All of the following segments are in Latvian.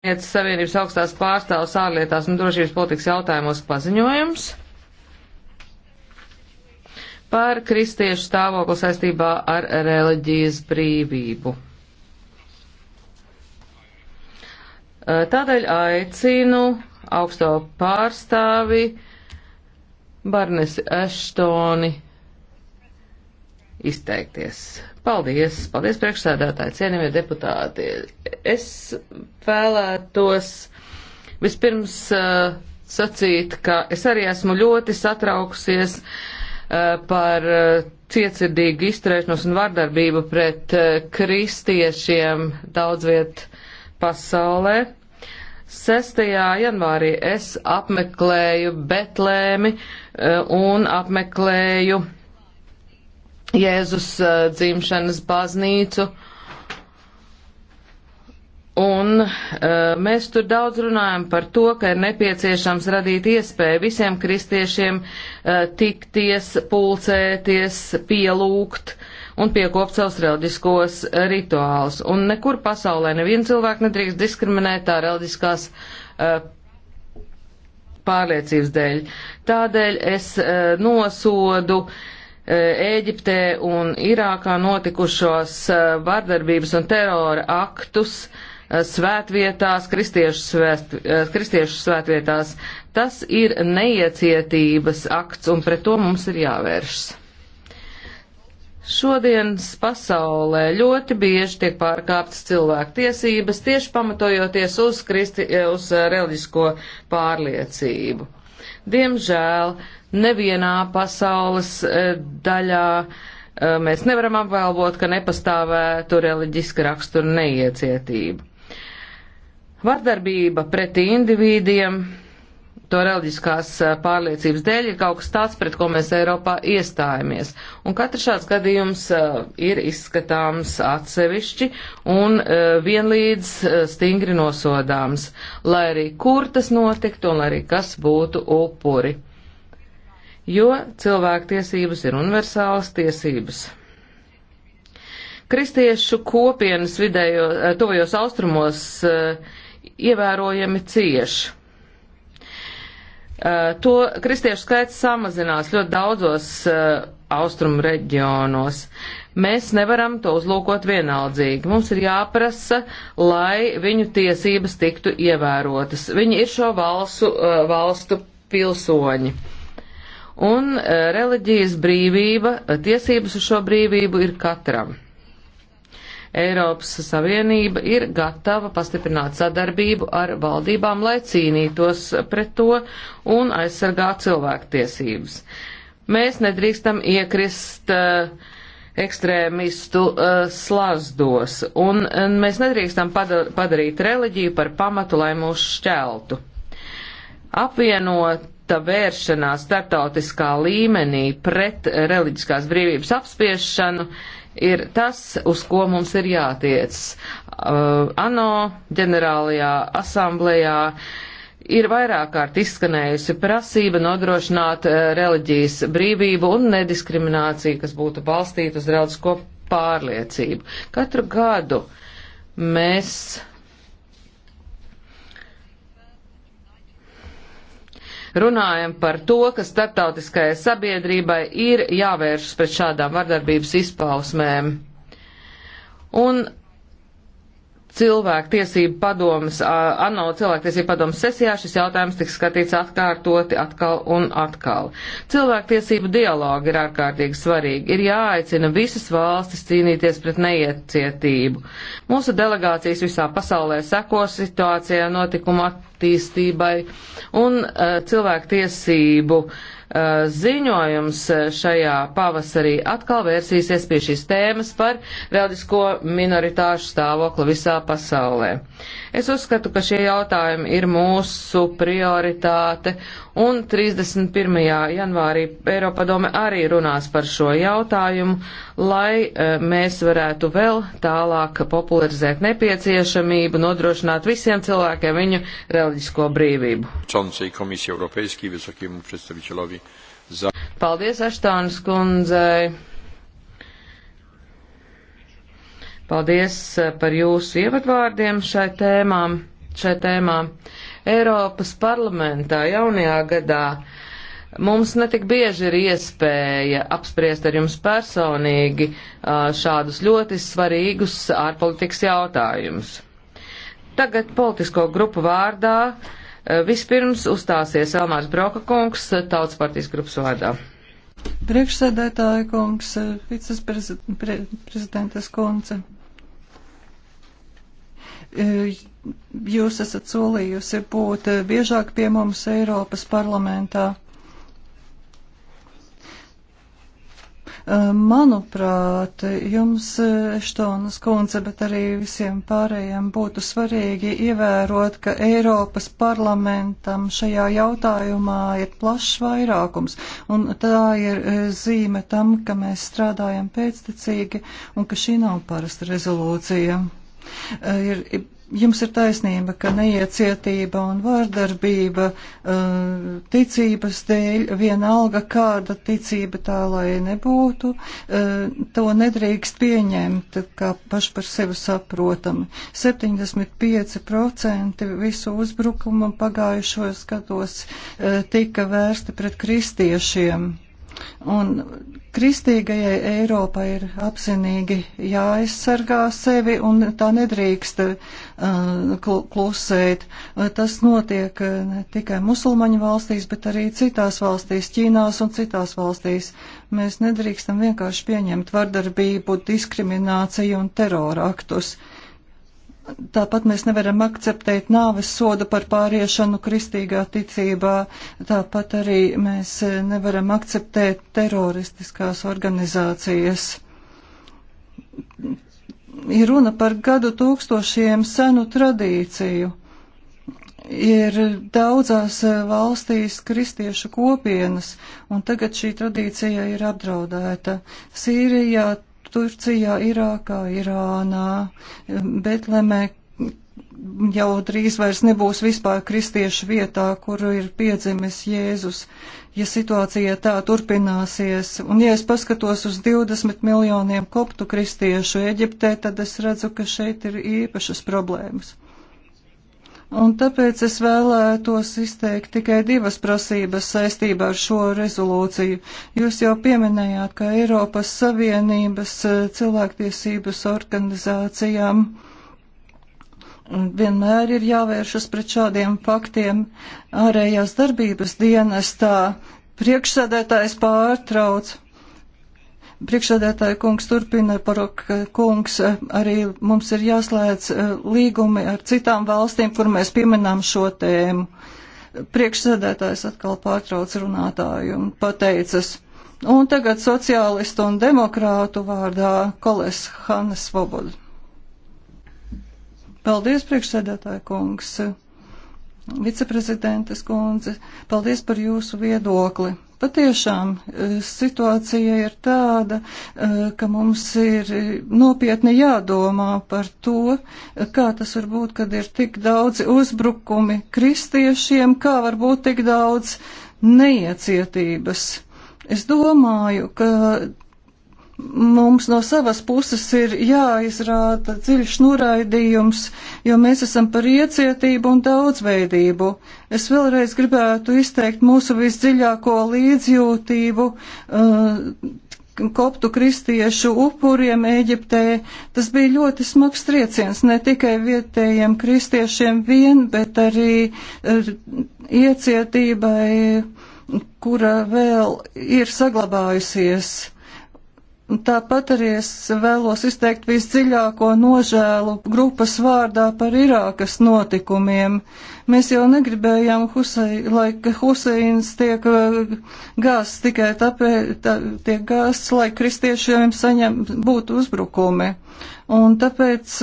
Savienības Savienības augstās pārstāvs ārlietās un drošības politikas jautājumos paziņojums par kristiešu stāvokli saistībā ar reliģijas brīvību. Tādēļ aicinu augsto pārstāvi Barnesi Eštoni izteikties. Paldies, paldies priekšsēdētāji, cienījamie deputāti. Es vēlētos vispirms uh, sacīt, ka es arī esmu ļoti satraukusies uh, par uh, cietsirdīgu izturēšanos un vardarbību pret uh, kristiešiem daudzviet pasaulē. 6. janvārī es apmeklēju Betlēmi uh, un apmeklēju uh, Jēzus eh, dzimšanas baznīcu. Un eh, mēs tur daudz runājam par to, ka ir nepieciešams radīt iespēju visiem kristiešiem eh, tikties, pulcēties, pielūgt un piekopt savus reliģiskos rituālus. Un nekur pasaulē neviens cilvēks nedrīkst diskriminēt tā reliģiskās pārliecības dēļ. Tādēļ es nosodu uh, Eh, Ēģiptē un Irākā notikušos eh, vardarbības un terora aktus eh, svētvietās, kristiešu, svēt, kristiešu svētvietās. Tas ir neiecietības akts un pret to mums ir jāvēršas. Šodienas pasaulē ļoti bieži tiek pārkāptas cilvēku tiesības, tieši pamatojoties uz, kristi, uz reliģisko pārliecību. Diemžēl nevienā pasaules eh, daļā eh, mēs nevaram apgalvot, ka nepastāvētu reliģiska rakstura neiecietība. Vardarbība pret individiem to reliģiskās eh, pārliecības dēļ ir kaut kas tāds, pret ko mēs Eiropā iestājamies. Un katrs šāds gadījums ir izskatāms atsevišķi un vienlīdz stingri nosodāms, lai arī kur tas notiktu un lai arī kas būtu upuri jo cilvēktiesības ir universālas tiesības. Kristiešu kopienas vidējo, eh, tuvajos austrumos eh, ievērojami cieši. Eh, to kristiešu skaits samazinās ļoti daudzos austrumu reģionos. Mēs nevaram to uzlūkot vienaldzīgi. Mums ir jāprasa, lai viņu tiesības tiktu ievērotas. Viņi ir šo valsu, valstu pilsoņi un eh, reliģijas brīvība, eh, tiesības uz šo brīvību ir katram. Eiropas Savienība ir gatava pastiprināt sadarbību ar valdībām, lai cīnītos pret to un aizsargātu cilvēktiesības. Mēs nedrīkstam iekrist uh, ekstrēmistu uh, slazdos, un uh, mēs nedrīkstam padar padarīt reliģiju par pamatu, lai mūs šķeltu. Apvienot smurta vēršanās startautiskā līmenī pret reliģiskās brīvības apspiešanu ir tas, uz ko mums ir jātiec. Uh, ANO ģenerālajā asamblējā ir vairāk kārt izskanējusi prasība nodrošināt uh, reliģijas brīvību un nediskrimināciju, kas būtu balstīta uz reliģisko pārliecību. Katru gadu mēs runājam par to, ka starptautiskajai sabiedrībai ir jāvēršas pret šādām vardarbības izpausmēm. Un cilvēktiesību padomas, ANO cilvēktiesību padomas sesijā šis jautājums tiks skatīts atkārtoti atkal un atkal. Cilvēktiesību dialogi ir ārkārtīgi svarīgi. Ir jāaicina visas valstis cīnīties pret neiecietību. Mūsu delegācijas visā pasaulē seko situācijā notikuma attīstībai un eh, cilvēku tiesību uh, Eh, ziņojums eh, šajā pavasarī atkal vērsīsies pie šīs tēmas par reliģisko minoritāšu stāvokli visā pasaulē. Es uzskatu, ka šie jautājumi ir mūsu prioritāte, un 31. janvārī Eiropadome arī runās par šo jautājumu, lai eh, mēs varētu vēl tālāk popularizēt nepieciešamību, nodrošināt visiem cilvēkiem viņu reliģisko brīvību. Komisija Eiropejskī, visokajam predstaviteļovi za. Paldies, Aštānas kundzei! Paldies eh, par jūsu ievadvārdiem šai tēmām, šai tēmām. Eiropas parlamentā jaunajā gadā mums netik bieži ir iespēja apspriest ar jums personīgi eh, šādus ļoti svarīgus ārpolitikas jautājumus. Tagad politisko grupu vārdā uh, Eh, vispirms uzstāsies Elmārs Broka kungs eh, Tautas partijas grupas vārdā. Priekšsēdētāja kungs, eh, vices prezidentes kundze jūs esat solījusi būt biežāk pie mums Eiropas parlamentā. Manuprāt, jums, Štonas kundze, bet arī visiem pārējiem būtu svarīgi ievērot, ka Eiropas parlamentam šajā jautājumā ir plašs vairākums, un tā ir e, zīme tam, ka mēs strādājam pēctecīgi un ka šī nav parasta rezolūcija. E, ir Jums ir taisnība, ka neiecietība un vārdarbība uh, ticības dēļ, vienalga kāda ticība tā lai nebūtu, uh, to nedrīkst pieņemt kā paši par sevi saprotami. 75% visu uzbrukumu pagājušos gados uh, tika vērsti pret kristiešiem. Un kristīgajai Eiropai ir apzinīgi jāaizsargā sevi un tā nedrīkst uh, klusēt. Uh, tas notiek uh, ne tikai musulmaņu valstīs, bet arī citās valstīs, Ķīnās un citās valstīs. Mēs nedrīkstam vienkārši pieņemt vardarbību, diskrimināciju un terora aktus. Uh, Tāpat mēs nevaram akceptēt nāves sodu par pāriešanu kristīgā ticībā. Tāpat arī mēs nevaram akceptēt teroristiskās organizācijas. Ir runa par gadu tūkstošiem senu tradīciju. Ir daudzās valstīs kristiešu kopienas, un tagad šī tradīcija ir apdraudēta. Sīrijā Turcijā, Irākā, Irānā, Betlemē, jau drīz vairs nebūs vispār kristiešu vietā, kur ir piedzimis Jēzus. Ja situācija tā turpināsies, un ja es paskatos uz 20 miljoniem koptu kristiešu Eģiptē, tad es redzu, ka šeit ir īpašas problēmas. Un tāpēc es vēlētos izteikt tikai divas prasības saistībā ar šo rezolūciju. Jūs jau pieminējāt, ka Eiropas Savienības eh, cilvēktiesības organizācijām vienmēr ir jāvēršas pret šādiem faktiem ārējās darbības dienestā. Priekšsēdētājs pārtrauc. Priekšsēdētāja kungs turpina, parok eh, kungs, eh, arī mums ir jāslēdz eh, līgumi ar citām valstīm, kur mēs pieminām šo tēmu. Priekšsēdētājs atkal pārtrauc runātāju un pateicas. Un tagad sociālistu un demokrātu vārdā Koles Hannes Svoboda. Paldies, priekšsēdētāja kungs, viceprezidentes kundze, paldies par jūsu viedokli. Patiešām e, situācija ir tāda, e, ka mums ir nopietni jādomā par to, e, kā tas var būt, kad ir tik daudzi uzbrukumi kristiešiem, kā var būt tik daudz neiecietības. Es domāju, ka Mums no savas puses ir jāizrāda dziļš noraidījums, jo mēs esam par iecietību un daudzveidību. Es vēlreiz gribētu izteikt mūsu visdziļāko līdzjūtību uh, koptu kristiešu upuriem Eģiptē. Tas bija ļoti smags trieciens ne tikai vietējiem kristiešiem vien, bet arī uh, iecietībai, kura vēl ir saglabājusies. Tāpat arī es vēlos izteikt visdziļāko nožēlu grupas vārdā par Irākas notikumiem. Mēs jau negribējām, Husei, lai Huseins tiek uh, gāsts tikai tāpēc, tā, tiek gāsts, lai kristiešiem saņem, būtu uzbrukumi. Un tāpēc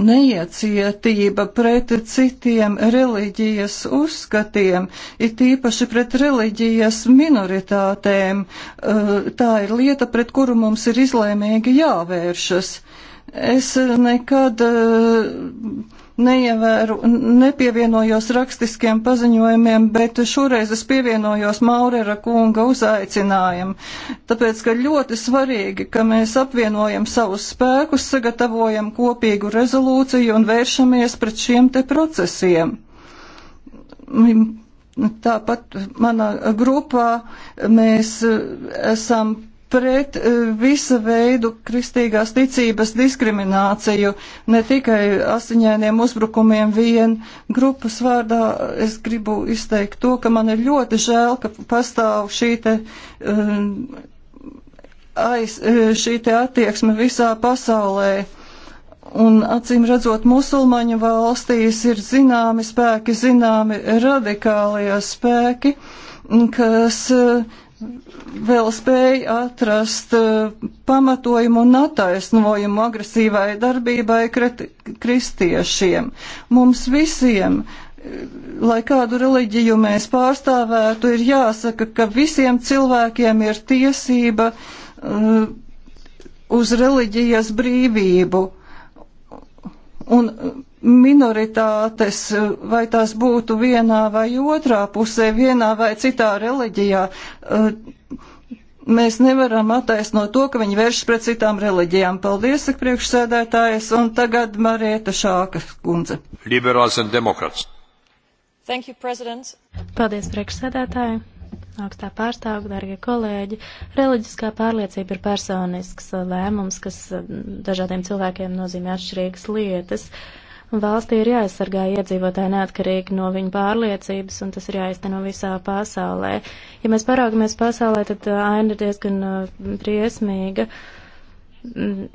neiecietība pret citiem reliģijas uzskatiem, it īpaši pret reliģijas minoritātēm, eh, tā ir lieta, pret kuru mums ir izlēmīgi jāvēršas. Es nekad uh, neievēru, nepievienojos rakstiskiem paziņojumiem, bet šoreiz es pievienojos Maurera kunga uzaicinājumam. Tāpēc, ka ļoti svarīgi, ka mēs apvienojam savus spēkus, sagatavojam kopīgu rezolūciju un vēršamies pret šiem te procesiem. Tāpat manā grupā mēs eh, esam pret e, visa veidu kristīgās ticības diskrimināciju, ne tikai asiņainiem uzbrukumiem vien. Grupas vārdā es gribu izteikt to, ka man ir ļoti žēl, ka pastāv šī te. Um, aiz e, šī te attieksme visā pasaulē. Un acīm redzot, musulmaņu valstīs ir zināmi spēki, zināmi radikālie spēki, kas uh, vēl spēja atrast eh, pamatojumu un attaisnojumu agresīvai darbībai kristiešiem. Mums visiem, eh, lai kādu reliģiju mēs pārstāvētu, ir jāsaka, ka visiem cilvēkiem ir tiesība eh, uz reliģijas brīvību. Un minoritātes, vai tās būtu vienā vai otrā pusē, vienā vai citā reliģijā. Eh, mēs nevaram attaisnot to, ka viņi vēršas pret citām reliģijām. Paldies, saka priekšsēdētājas, un tagad Marieta Šāka kundze. Liberāls un demokrāts. Thank you, President. Paldies, priekšsēdētāji. Augstā pārstāvja, darbie kolēģi, reliģiskā pārliecība ir personisks lēmums, kas eh, dažādiem cilvēkiem nozīmē atšķirīgas lietas. Uh, Valstī ir jāaizsargā iedzīvotāji neatkarīgi no viņu pārliecības, un tas ir jāizteno visā pasaulē. Ja mēs paraugamies pasaulē, tad uh, aina ir diezgan uh, briesmīga. Mm,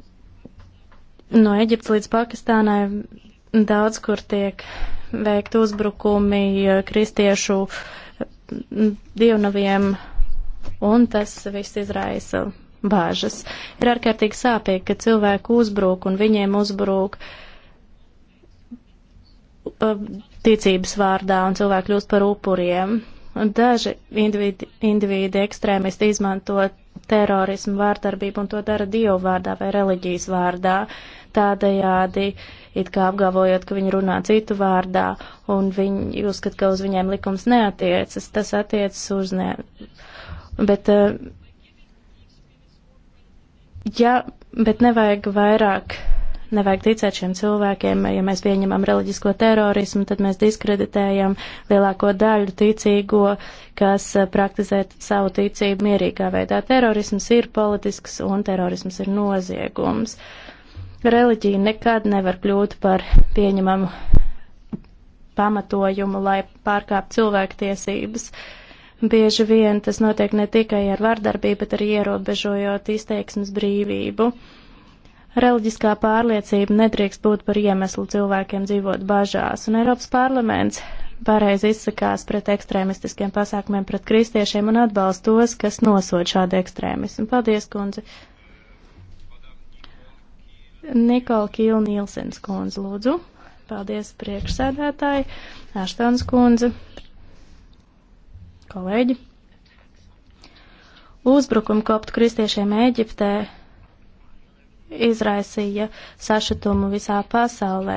no Eģiptes līdz Pakistānai daudz kur tiek veikt uzbrukumi uh, kristiešu mm, dievnaviem, un tas viss izraisa bāžas. Ir ārkārtīgi sāpīgi, ka cilvēku uzbruk un viņiem uzbruk. Uh, ticības vārdā un cilvēki kļūst par upuriem. Un daži individi, individi ekstrēmisti izmanto terorismu vārdarbību un to dara dievu vārdā vai reliģijas vārdā, tādējādi it kā apgalvojot, ka viņi runā citu vārdā un viņi uzskat, ka uz viņiem likums neatiecas, tas attiecas uz ne. Bet, eh, ja, bet nevajag vairāk nevajag ticēt šiem cilvēkiem. Ja mēs pieņemam reliģisko terorismu, tad mēs diskreditējam lielāko daļu ticīgo, kas eh, praktizē savu ticību mierīgā veidā. Terorisms ir politisks un terorisms ir noziegums. Reliģija nekad nevar kļūt par pieņemamu pamatojumu, lai pārkāptu cilvēktiesības. Bieži vien tas notiek ne tikai ar vardarbību, bet arī ierobežojot izteiksmes brīvību. Uh, Reliģiskā pārliecība nedrīkst būt par iemeslu cilvēkiem dzīvot bažās, un Eiropas parlaments pareizi izsakās pret ekstrēmistiskiem pasākumiem pret kristiešiem un atbalst tos, kas nosod šādu ekstrēmismu. Paldies, kundze! Nikola Kīla Nīlsens kundze, lūdzu. Paldies, priekšsēdētāji, Aštons kundze, kolēģi. Uzbrukumi koptu kristiešiem Ēģiptē izraisīja sašutumu visā pasaulē.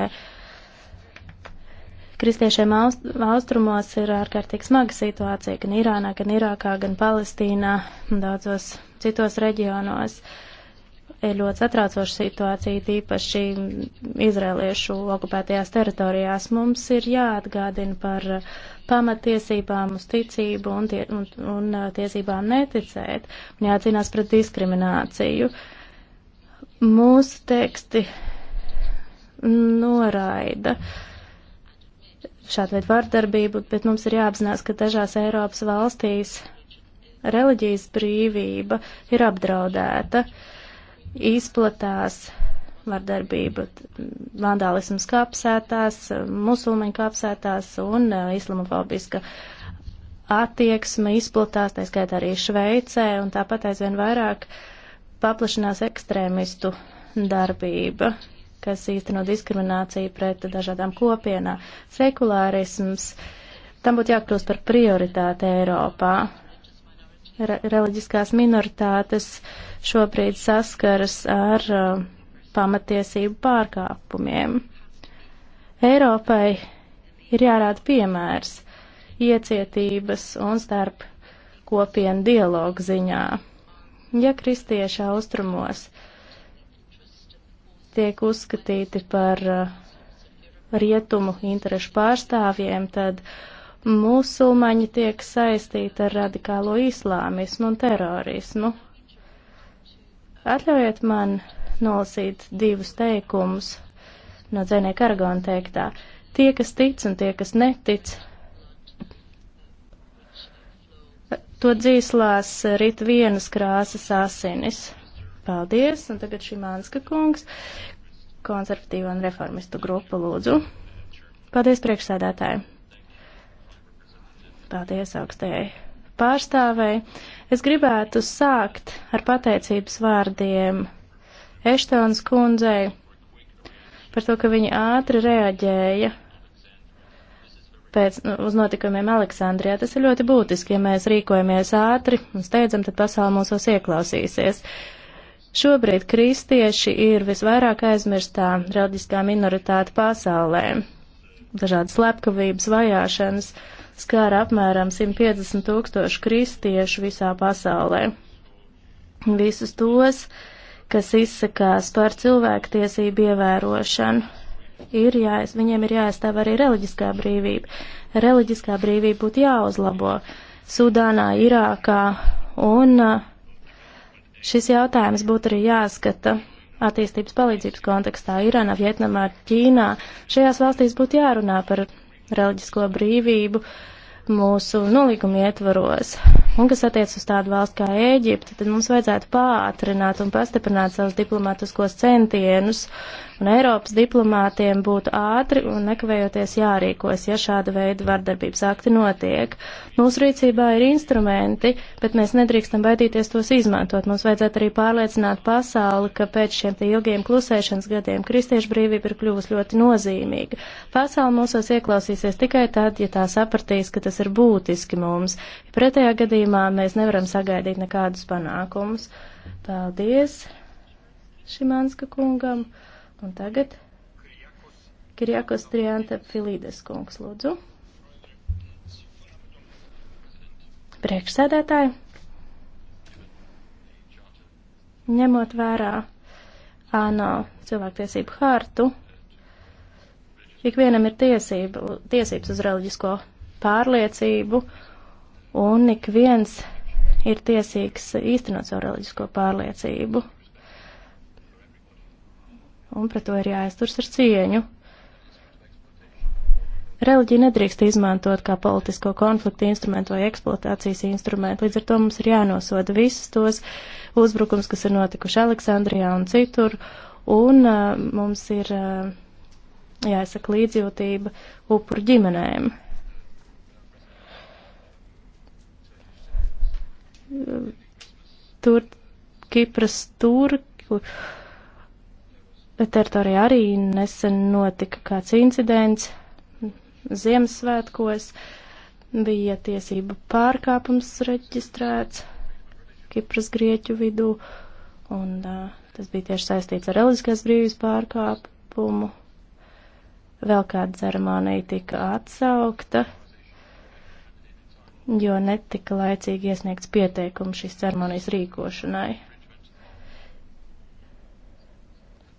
Kristiešiem aust, austrumos ir ārkārtīgi smaga situācija gan Irānā, gan Irākā, gan Palestīnā un daudzos citos reģionos. Ir ļoti satraucoša situācija, tīpaši izrēliešu okupētajās teritorijās. Mums ir jāatgādina par pamatiesībām uz ticību un, tie, un, un tiesībām neticēt un jācīnās pret diskrimināciju. Uh, mūsu teksti noraida šādu veidu vardarbību, bet mums ir jāapzinās, ka dažās Eiropas valstīs reliģijas brīvība ir apdraudēta, izplatās vardarbība, vandālisms kapsētās, musulmaņu kapsētās un uh, islamofobiska attieksme izplatās, tā skaitā arī Šveicē, un tāpat aizvien vairāk uh, paplašinās ekstrēmistu darbība, kas īsteno diskrimināciju pret dažādām kopienām. Sekulārisms, tam būtu jākļūst par prioritāti Eiropā. Re reliģiskās minoritātes šobrīd saskaras ar uh, pamatiesību pārkāpumiem. Eiropai ir jārāda piemērs iecietības un starp kopienu dialogu ziņā. Ja kristieši austrumos tiek uzskatīti par uh, rietumu interešu pārstāvjiem, tad musulmaņi tiek saistīti ar radikālo islāmismu un terorismu. Atļaujiet man nolasīt divus teikumus no Dzenē Kargona teiktā. Tie, kas tic un tie, kas netic, To dzīslās rit vienas krāsas asinis. Paldies, un tagad šī Mānska kungs, konservatīva un reformistu grupa lūdzu. Paldies priekšsēdētāji. Paldies augstajai pārstāvēji. Es gribētu sākt ar pateicības vārdiem Eštons kundzei par to, ka viņa ātri reaģēja pēc, nu, uz notikumiem Aleksandrijā. Tas ir ļoti būtiski, ja mēs rīkojamies ātri un steidzam, tad pasauli mūsos ieklausīsies. Šobrīd kristieši ir visvairāk aizmirstā reliģiskā minoritāte pasaulē. Dažādas slepkavības, vajāšanas skāra apmēram 150 tūkstošu kristiešu visā pasaulē. Visus tos, kas izsakās par cilvēktiesību ievērošanu ir jāiz, viņiem ir jāaizstāv arī reliģiskā brīvība. Reliģiskā brīvība būtu jāuzlabo Sudānā, Irākā, un uh, šis jautājums būtu arī jāskata attīstības palīdzības kontekstā Irānā, Vietnamā, Ķīnā. Šajās valstīs būtu jārunā par reliģisko brīvību mūsu nolīguma ietvaros. Un kas attiec uz tādu valstu kā Ēģipte, tad mums vajadzētu pātrināt un pastiprināt savus diplomatiskos centienus, un Eiropas diplomātiem būtu ātri un nekavējoties jārīkojas, ja šāda veida vardarbības akti notiek. Mūsu rīcībā ir instrumenti, bet mēs nedrīkstam baidīties tos izmantot. Mums vajadzētu arī pārliecināt pasauli, ka pēc šiem ilgiem klusēšanas gadiem kristiešu brīvība ir kļuvusi ļoti nozīmīga. Pasauli mūsos ieklausīsies tikai tad, ja tā sapratīs, ka tas ir būtiski mums. Pretējā gadījumā mēs nevaram sagaidīt nekādus panākumus. Paldies Šimanska kungam. Un tagad Kirjakos Trianta Filides kungs, lūdzu. Priekšsēdētāji, ņemot vērā ANO cilvēktiesību hārtu, ikvienam ir tiesība, tiesības uz reliģisko pārliecību, un ik viens ir tiesīgs īstenot savu reliģisko pārliecību un pret to ir jāizturs ar cieņu. Reliģija nedrīkst izmantot kā politisko konfliktu instrumentu vai eksploatācijas instrumentu, līdz ar to mums ir jānosoda visus tos uzbrukums, kas ir notikuši Aleksandrijā un citur, un uh, mums ir uh, jāizsaka līdzjūtība upuru ģimenēm. Tur Kipras turku teritorijā arī nesen notika kāds incidents Ziemassvētkos, bija tiesība pārkāpums reģistrēts Kipras grieķu vidū, un uh, tas bija tieši saistīts ar reliģiskās brīvības pārkāpumu. Vēl kāda ceremonija tika atsaukta, jo netika laicīgi iesniegts pieteikums šīs ceremonijas rīkošanai.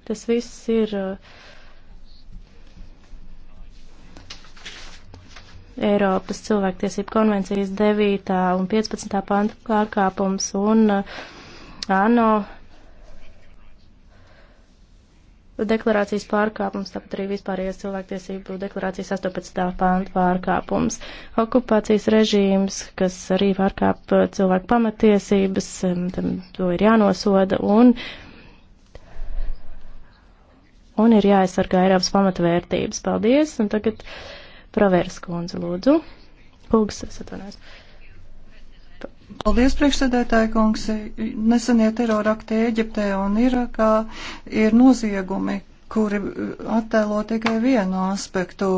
Tas viss ir uh, Eiropas cilvēktiesību konvencijas 9. un 15. pantu pārkāpums un uh, ANO deklarācijas pārkāpums, tāpat arī vispārējais cilvēktiesību deklarācijas 18. pānta pārkāpums, okupācijas režīms, kas arī pārkāp uh, cilvēku pamatiesības, um, tam to ir jānosoda, un uh, un ir jāaizsargā Eiropas pamatvērtības. Paldies, un tagad Pravērs kundze, lūdzu. Kungs, es atvainojos. Paldies, priekšsēdētāji kungs. Nesenie terorakti Eģiptē un Irakā ir noziegumi, kuri attēlo tikai vienu aspektu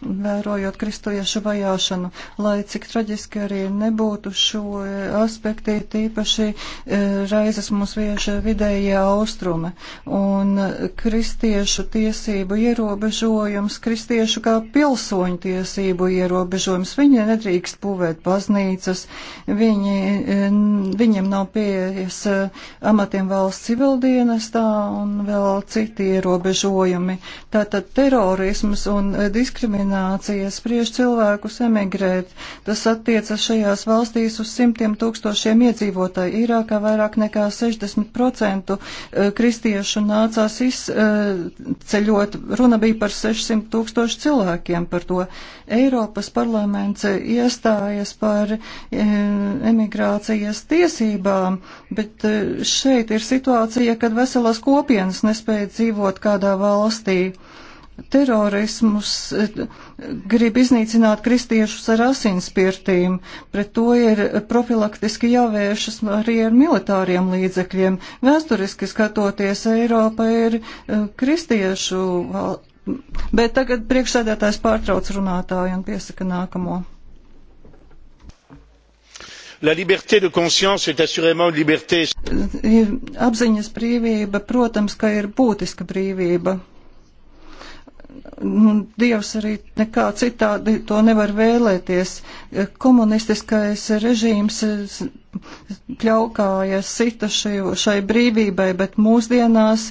vērojot kristiešu vajāšanu. Lai cik traģiski arī nebūtu šo e, aspekti, tīpaši e, raizes mums vieša vidējie austrumi. Un e, kristiešu tiesību ierobežojums, kristiešu kā pilsoņu tiesību ierobežojums, viņi nedrīkst būvēt baznīcas, viņi, viņiem nav pieejas amatiem valsts civildienestā un vēl citi ierobežojumi. Tātad terorisms un diskriminācija diskriminācija spriež cilvēkus emigrēt. Tas attiecas šajās valstīs uz simtiem tūkstošiem iedzīvotāju. Irākā vairāk nekā 60% eh, kristiešu nācās izceļot. Runa bija par 600 tūkstošu cilvēkiem par to. Eiropas parlaments iestājas par eh, emigrācijas tiesībām, bet eh, šeit ir situācija, kad veselas kopienas nespēja dzīvot kādā valstī terorismus grib iznīcināt kristiešus ar asinspirtīm. Pret to ir profilaktiski jāvēršas arī ar militāriem līdzekļiem. Vēsturiski skatoties, Eiropa ir eh, kristiešu valsts. Bet tagad priekšsēdētājs pārtrauc runātāju un piesaka nākamo. La liberté de conscience est assurément une liberté. Apziņas brīvība, protams, ka ir būtiska brīvība. Dievs arī nekā citādi to nevar vēlēties. Komunistiskais režīms eh, pļaukāja sita šai, šai brīvībai, bet mūsdienās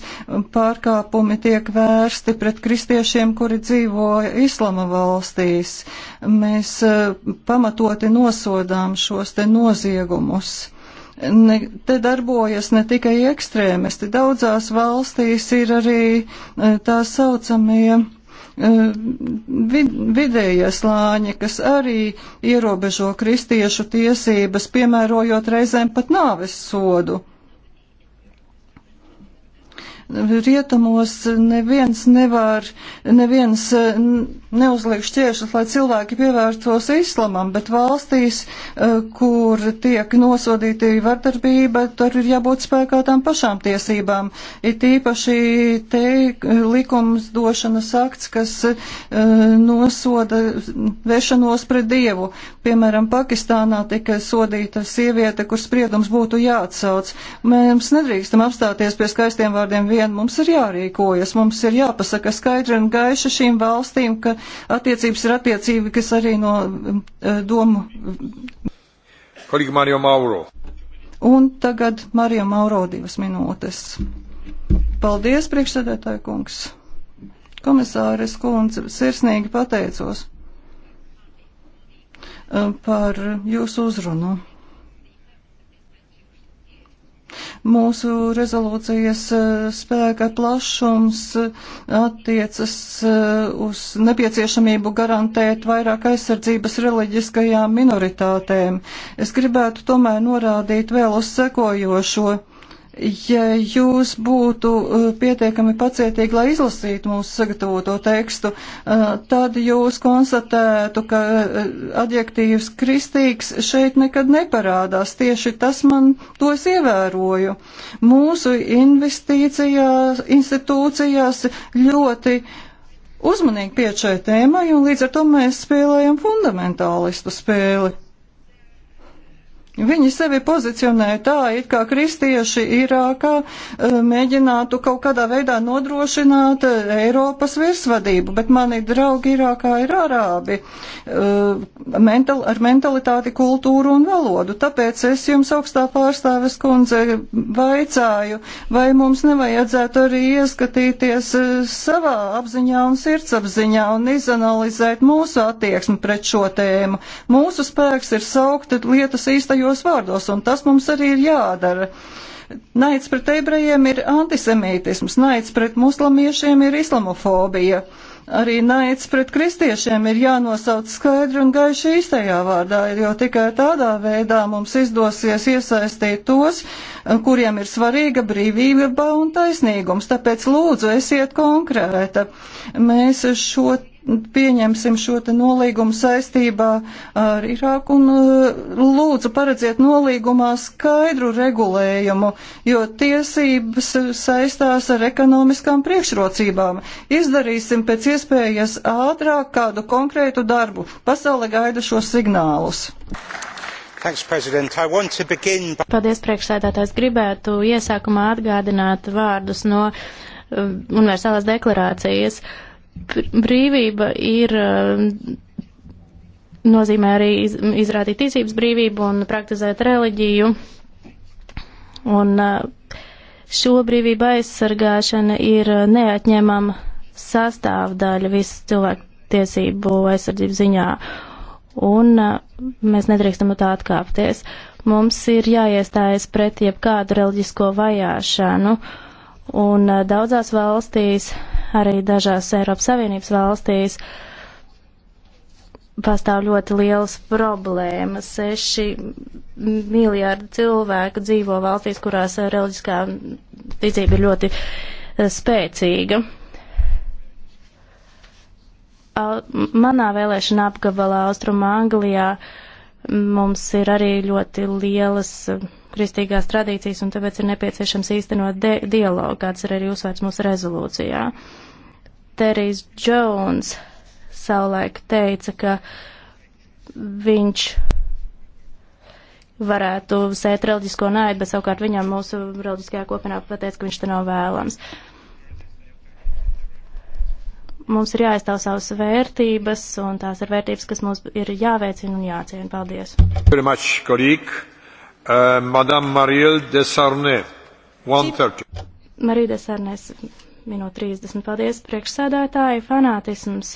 pārkāpumi tiek vērsti pret kristiešiem, kuri dzīvo islama valstīs. Mēs eh, pamatoti nosodām šos te noziegumus Ne, te darbojas ne tikai ekstrēmisti, daudzās valstīs ir arī e, tā saucamie e, vid, vidējie slāņi, kas arī ierobežo kristiešu tiesības, piemērojot reizēm pat nāves sodu. Rietumos neviens nevar, neviens eh, neuzliek šķiešus, lai cilvēki pievērstos islamam, bet valstīs, eh, kur tiek nosodīti vardarbība, tur ir jābūt spēkā tām pašām tiesībām. Ir tīpaši te likums došanas akts, kas eh, nosoda vešanos pret dievu. Piemēram, Pakistānā tika sodīta sieviete, kur spriedums būtu jāatsauc. Mēs nedrīkstam apstāties pie skaistiem vārdiem vien mums ir jārīkojas, mums ir jāpasaka skaidri un gaiši šīm valstīm, ka attiecības ir attiecības arī no um, eh, domu. Kolīgi Mario Mauro. Un tagad Mario Mauro divas minūtes. Paldies, priekšsēdētāji kungs. Komisāres kundze, sirsnīgi pateicos eh, par jūsu uzrunu. Mūsu rezolūcijas eh, spēka plašums eh, attiecas eh, uz nepieciešamību garantēt vairāk aizsardzības reliģiskajām minoritātēm. Es gribētu tomēr norādīt vēl uz sekojošo. Ja jūs būtu uh, pietiekami pacietīgi, lai izlasītu mūsu sagatavoto tekstu, uh, tad jūs konstatētu, ka uh, adjektīvs kristīgs šeit nekad neparādās. Tieši tas man to es ievēroju. Mūsu investīcijās, institūcijās ļoti uzmanīgi piečai tēmai, un līdz ar to mēs spēlējam fundamentālistu spēli. Viņi sevi pozicionē tā, it kā kristieši Irākā eh, mēģinātu kaut kādā veidā nodrošināt eh, Eiropas virsvadību, bet mani draugi Irākā ir arābi eh, mental, ar mentalitāti, kultūru un valodu. Tāpēc es jums augstā pārstāves kundze vaicāju, vai mums nevajadzētu arī ieskatīties savā apziņā un sirdsapziņā un izanalizēt mūsu attieksmi pret šo tēmu. Mūsu spēks ir saukt lietas īstajos savējos vārdos, un tas mums arī ir jādara. Naids pret ebrejiem ir antisemītisms, naids pret muslamiešiem ir islamofobija. Arī naids pret kristiešiem ir jānosauc skaidri un gaiši īstajā vārdā, jo tikai tādā veidā mums izdosies iesaistīt tos, kuriem ir svarīga brīvība un taisnīgums. Tāpēc lūdzu, esiet konkrēta. Mēs šo pieņemsim šo te nolīgumu saistībā ar Irāku un uh, lūdzu paredziet nolīgumā skaidru regulējumu, jo tiesības saistās ar ekonomiskām priekšrocībām. Izdarīsim pēc iespējas ātrāk kādu konkrētu darbu. Pasaule gaida šos signālus. Thanks, begin... Paldies, priekšsēdētājs. Gribētu iesākumā atgādināt vārdus no uh, universālās deklarācijas. Uh, brīvība ir eh, nozīmē arī iz, izrādīt ticības brīvību un praktizēt reliģiju. Un eh, šo brīvību aizsargāšana ir eh, neatņemama sastāvdaļa visas cilvēku tiesību aizsardzību ziņā. Un mēs nedrīkstam no tā atkāpties. Mums ir jāiestājas pret jebkādu reliģisko vajāšanu. Un daudzās valstīs arī dažās Eiropas Savienības valstīs pastāv ļoti lielas problēmas. Seši miljārdi cilvēku dzīvo valstīs, kurās reliģiskā ticība ir ļoti eh, spēcīga. Manā vēlēšana apgabalā Austrum Anglijā uh, Mums ir arī ļoti lielas eh, kristīgās tradīcijas, un tāpēc ir nepieciešams īstenot dialogu, kāds ir arī uzsvērts mūsu rezolūcijā. Terijs Jones savulaik teica, ka viņš varētu sēt reliģisko naidu, bet savukārt viņam mūsu reliģiskajā kopienā pateica, ka viņš te nav vēlams. Uh, mums ir jāaizstāv savas vērtības, un tās ir vērtības, kas mums ir jāveicina un jāciena. Paldies! Much, uh, Madame Marielle de Sarnē, 130. Marija de Sarnēs, minūte 30. Paldies, priekšsēdētāji, fanātisms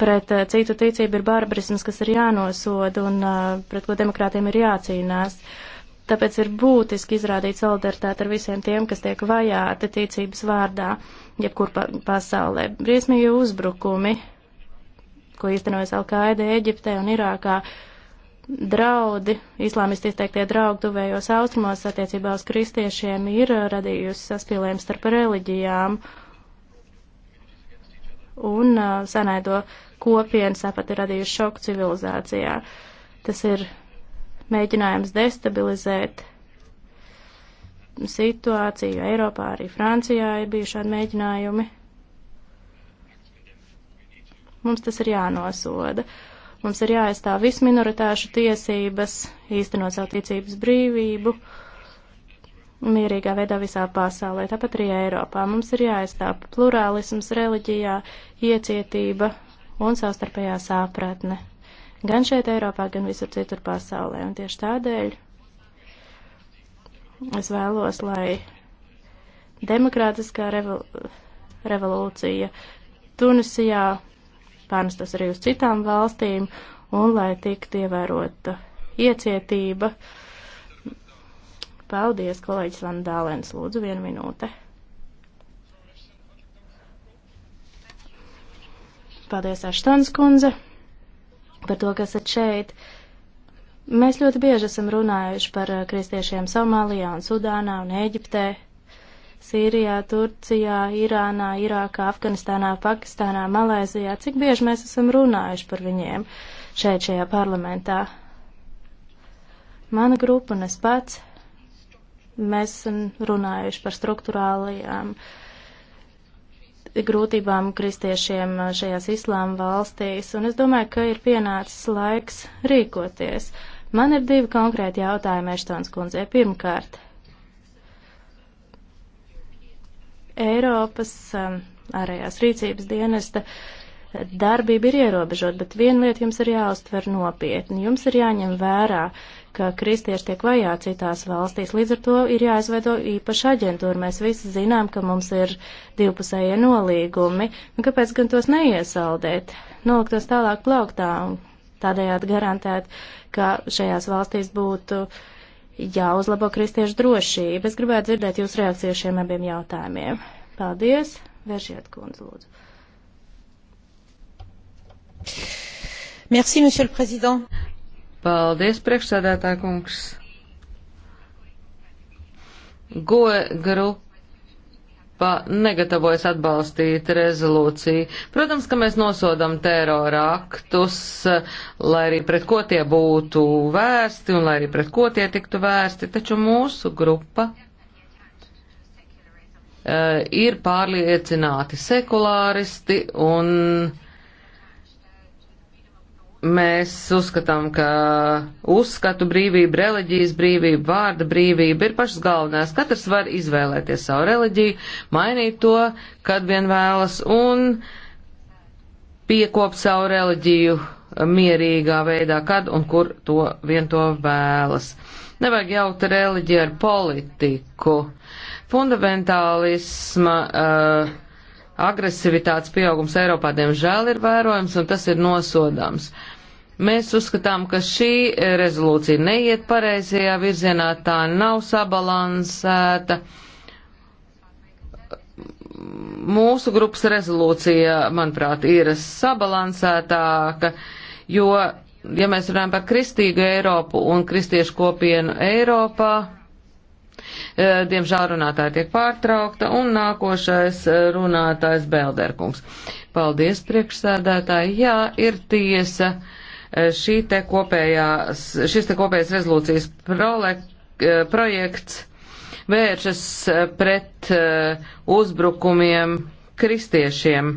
pret uh, citu ticību ir barbarisms, kas ir jānosoda un uh, pret ko demokrātiem ir jācīnās. Tāpēc ir būtiski izrādīt solidaritāti ar visiem tiem, kas tiek vajāti ticības vārdā. Uh, jebkur pa pasaulē. Briesmīgi uzbrukumi, ko īstenojas Alkaida Eģiptē un Irākā, draudi, islāmisti izteiktie draudi tuvējos austrumos attiecībā uz kristiešiem ir radījusi saspīlējumu starp reliģijām un uh, sanaido kopienu sapat ir radījusi šoku civilizācijā. Tas ir mēģinājums destabilizēt situāciju. Eiropā arī Francijā ir bijuši šādi mēģinājumi. Mums tas ir jānosoda. Mums ir jāaizstāv visu minoritāšu tiesības, īstenot savu ticības brīvību, mierīgā veidā visā pasaulē, tāpat arī Eiropā. Mums ir jāaizstāv plurālisms reliģijā, iecietība un savstarpējā sāpratne. Gan šeit Eiropā, gan visur citur pasaulē. Un tieši tādēļ Es vēlos, lai demokrātiskā revol revolūcija Tunisijā pārnestas arī uz citām valstīm un lai tiktu ievērota iecietība. Paldies, kolēģis Vandālēns. Lūdzu, vienu minūte. Paldies, Aštons kundze, par to, kas esat šeit. Uh, Mēs ļoti bieži esam runājuši par eh, kristiešiem Somālijā un Sudānā un Ēģiptē, Sīrijā, Turcijā, Irānā, Irākā, Afganistānā, Pakistānā, Malēzijā. Cik bieži mēs esam runājuši par viņiem šeit šajā parlamentā? Mana grupa un es pats, mēs esam runājuši par struktūrālajām grūtībām kristiešiem eh, šajās islāma valstīs, un es domāju, ka ir pienācis laiks rīkoties. Uh, Man ir divi konkrēti jautājumi Eštons kundzei. Pirmkārt, Eiropas um, ārējās rīcības dienesta darbība ir ierobežota, bet viena lieta jums ir jāuztver nopietni. Jums ir jāņem vērā, ka kristieši tiek vajā citās valstīs. Līdz ar to ir jāizveido īpaša aģentūra. Mēs visi zinām, ka mums ir divpusējie nolīgumi. Nu, kāpēc gan tos neiesaldēt? Nolikt tos tālāk plauktā un tādējādi garantēt, ka šajās valstīs būtu jāuzlabo kristiešu drošība. Es gribētu dzirdēt jūsu reakciju šiem abiem jautājumiem. Paldies! Vēršiet, kundze, lūdzu. Merci, monsieur le président. Paldies, priekšsēdētāj kungs. Goe grupa Eiropa negatavojas atbalstīt rezolūciju. Protams, ka mēs nosodam terora aktus, lai arī pret ko tie būtu vērsti un lai arī pret ko tie tiktu vērsti, taču mūsu grupa uh, ir pārliecināti sekulāristi un uh, Mēs uzskatām, ka uzskatu brīvība, reliģijas brīvība, vārda brīvība ir pašas galvenās. Katrs var izvēlēties savu reliģiju, mainīt to, kad vien vēlas, un piekopt savu reliģiju mierīgā veidā, kad un kur to vien to vēlas. Nevajag jaukt reliģiju ar politiku. Fundamentālisma. Uh, agresivitātes pieaugums Eiropā, diemžēl, ir vērojams, un tas ir nosodāms. Mēs uzskatām, ka šī rezolūcija neiet pareizajā virzienā, tā nav sabalansēta. Mūsu grupas rezolūcija, manuprāt, ir sabalansētāka, jo, ja mēs runājam par kristīgu Eiropu un kristiešu kopienu Eiropā, Diemžēl runātāja tiek pārtraukta un nākošais runātājs Belderkungs. Paldies, priekšsēdētāji. Jā, ir tiesa. Šī te kopējās, šis te kopējais rezolūcijas prolek, projekts vēršas pret uzbrukumiem kristiešiem.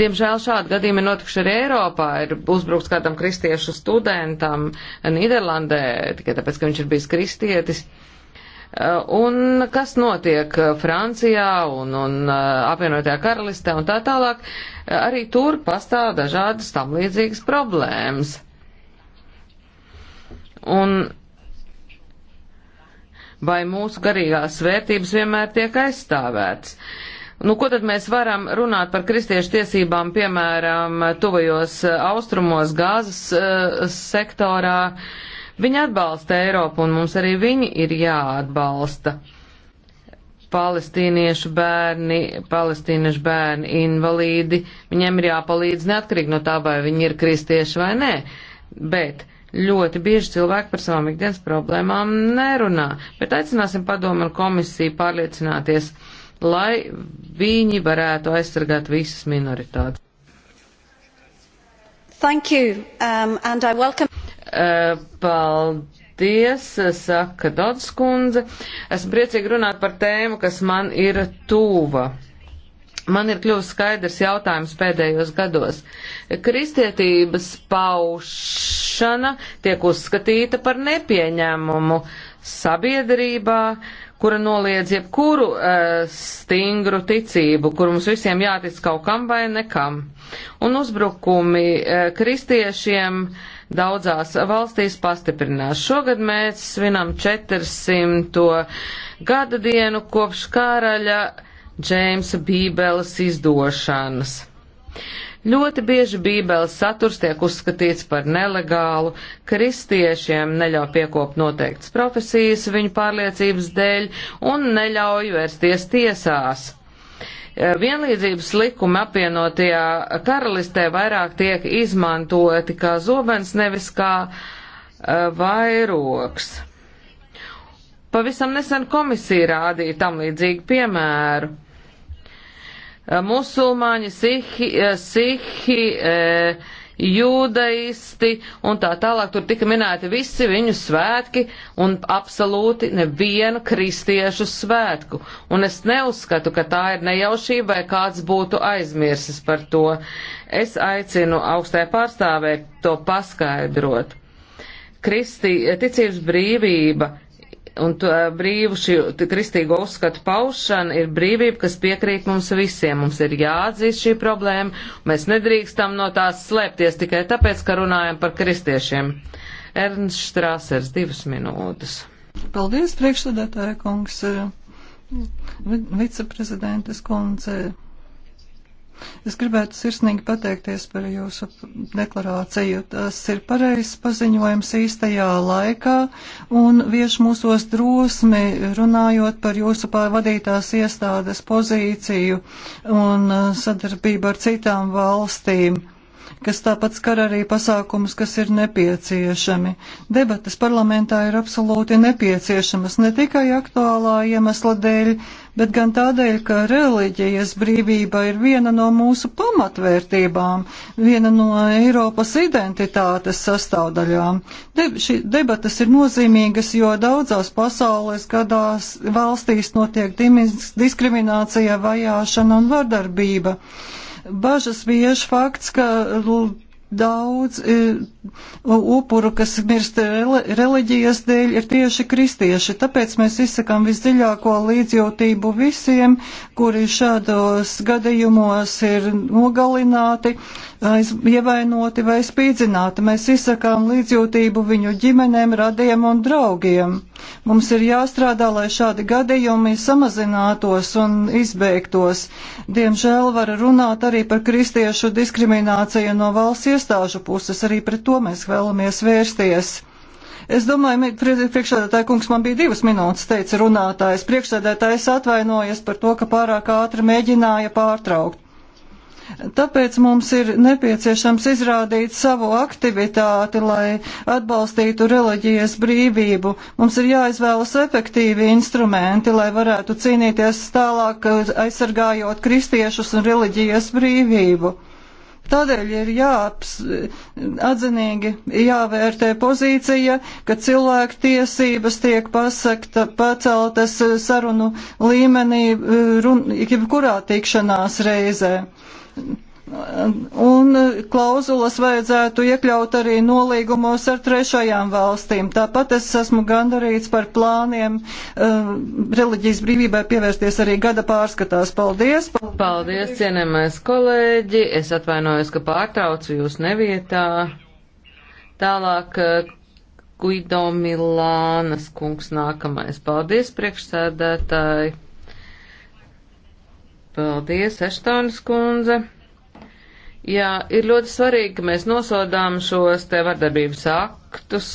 Diemžēl šādi gadījumi ir notikuši arī Eiropā. Ir uzbrukts kādam kristiešu studentam Nīderlandē, tikai tāpēc, ka viņš ir bijis kristietis. Uh, Eh, un kas notiek eh, Francijā un, un eh, apvienotajā karalistē un tā tālāk, arī tur pastāv dažādas tam līdzīgas problēmas. Un vai mūsu garīgās vērtības vienmēr tiek aizstāvētas? Nu, ko tad mēs varam runāt par kristiešu tiesībām, piemēram, tuvajos austrumos gāzes uh, sektorā? Uh, Viņi atbalsta Eiropu, un mums arī viņi ir jāatbalsta. Palestīniešu bērni, palestīniešu bērni, invalīdi, viņiem ir jāpalīdz neatkarīgi no tā, vai viņi ir kristieši vai nē. Bet ļoti bieži cilvēki par savām ikdienas problēmām nerunā, bet aicināsim padomu un komisiju pārliecināties, lai viņi varētu aizsargāt visas minoritātes. Thank you, um, and I welcome. Eh, paldies, saka Dods kundze. Esmu priecīgi runāt par tēmu, kas man ir tuva. Man ir kļuvis skaidrs jautājums pēdējos gados. Kristietības paušana tiek uzskatīta par nepieņēmumu sabiedrībā, kura noliedz jebkuru uh, stingru ticību, kur mums visiem jātic kaut kam vai nekam. Un uzbrukumi uh, kristiešiem uh, daudzās valstīs pastiprinās. Šogad mēs svinam 400. gada dienu kopš karaļa Džeimsa Bībeles izdošanas. Ļoti bieži Bībeles saturs tiek uzskatīts par nelegālu, kristiešiem neļauj piekopt noteiktas profesijas viņu pārliecības dēļ un neļauj vērsties tiesās. Eh, vienlīdzības likumi apvienotajā karalistē vairāk tiek izmantoti kā zobens, nevis kā eh, vairoks. Pavisam nesen komisija rādīja tam līdzīgu piemēru. Eh, musulmaņi, sihi, sihi, eh, jūdaisti un tā tālāk. Tur tika minēti visi viņu svētki un absolūti nevienu kristiešu svētku. Un es neuzskatu, ka tā ir nejaušība vai kāds būtu aizmirsis par to. Es aicinu augstai pārstāvē to paskaidrot. Kristi, ticības brīvība un to brīvu šī kristīgo uzskatu paušana ir brīvība, kas piekrīt mums visiem. Mums ir jāatzīst šī problēma, mēs nedrīkstam no tās slēpties tikai tāpēc, ka runājam par kristiešiem. Ernsts Štrāsers, divas minūtes. Paldies, priekšsēdētāja kungs, viceprezidentes kundze. Es gribētu sirsnīgi pateikties par jūsu deklarāciju. Tas ir pareizs paziņojums īstajā laikā un vieš mūsos drosmi runājot par jūsu pārvadītās iestādes pozīciju un sadarbību ar citām valstīm kas tāpat skar arī pasākumus, kas ir nepieciešami. Debates parlamentā ir absolūti nepieciešamas ne tikai aktuālā iemesla dēļ, bet gan tādēļ, ka reliģijas brīvība ir viena no mūsu pamatvērtībām, viena no Eiropas identitātes sastāvdaļām. De, šī debatas ir nozīmīgas, jo daudzās pasaules gadās valstīs notiek dimis, diskriminācija, vajāšana un vardarbība. Uh, Bažas bieži fakts, ka daudz e, upuru, kas mirst reliģijas dēļ, ir tieši kristieši. Tāpēc mēs izsakām visdziļāko līdzjūtību visiem, kuri šādos gadījumos ir nogalināti, ievainoti vai spīdzināti. Mēs izsakām līdzjūtību viņu ģimenēm, radiem un draugiem. Mums ir jāstrādā, lai šādi gadījumi samazinātos un izbeigtos. Diemžēl var runāt arī par kristiešu diskrimināciju no valsts iestādes iestāžu puses. Arī pret to mēs vēlamies vērsties. Es domāju, priekšsēdētāja kungs man bija divas minūtes, teica runātājs. Priekšsēdētājs atvainojas par to, ka pārāk ātri mēģināja pārtraukt. Tāpēc mums ir nepieciešams izrādīt savu aktivitāti, lai atbalstītu reliģijas brīvību. Mums ir jāizvēlas efektīvi instrumenti, lai varētu cīnīties tālāk, aizsargājot kristiešus un reliģijas brīvību. Tādēļ ir jāaps, atzinīgi jāvērtē pozīcija, ka cilvēku tiesības tiek pasakta, paceltas sarunu līmenī, run, jebkurā tikšanās reizē. Un eh, klauzulas vajadzētu iekļaut arī nolīgumos ar trešajām valstīm. Tāpat es esmu gandarīts par plāniem uh, reliģijas brīvībai pievērsties arī gada pārskatās. Paldies! Paldies, paldies cienējamais kolēģi! Es atvainojos, ka pārtraucu jūs nevietā. Tālāk eh, Guido Milānas kungs nākamais. Paldies, priekšsēdētāji! Paldies, Eštonas kundze! Jā, ir ļoti svarīgi, ka mēs nosodām šos te vardarbības aktus.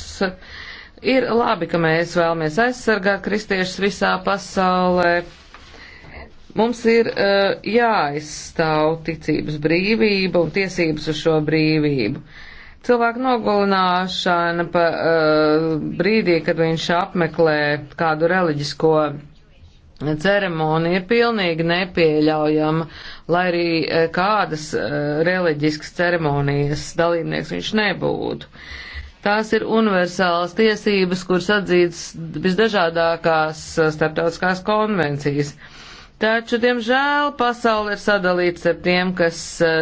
Ir labi, ka mēs vēlamies aizsargāt kristiešus visā pasaulē. Mums ir uh, eh, jāaizstāv ticības brīvība un tiesības uz šo brīvību. Cilvēku nogalināšana pa uh, brīdī, kad viņš apmeklē kādu reliģisko ceremonija ir pilnīgi nepieļaujama, lai arī e, kādas e, reliģiskas ceremonijas dalībnieks viņš nebūtu. Tās ir universālas tiesības, kuras atzīts visdažādākās e, starptautiskās konvencijas. Taču, diemžēl, pasaule ir sadalīta starp tiem, kas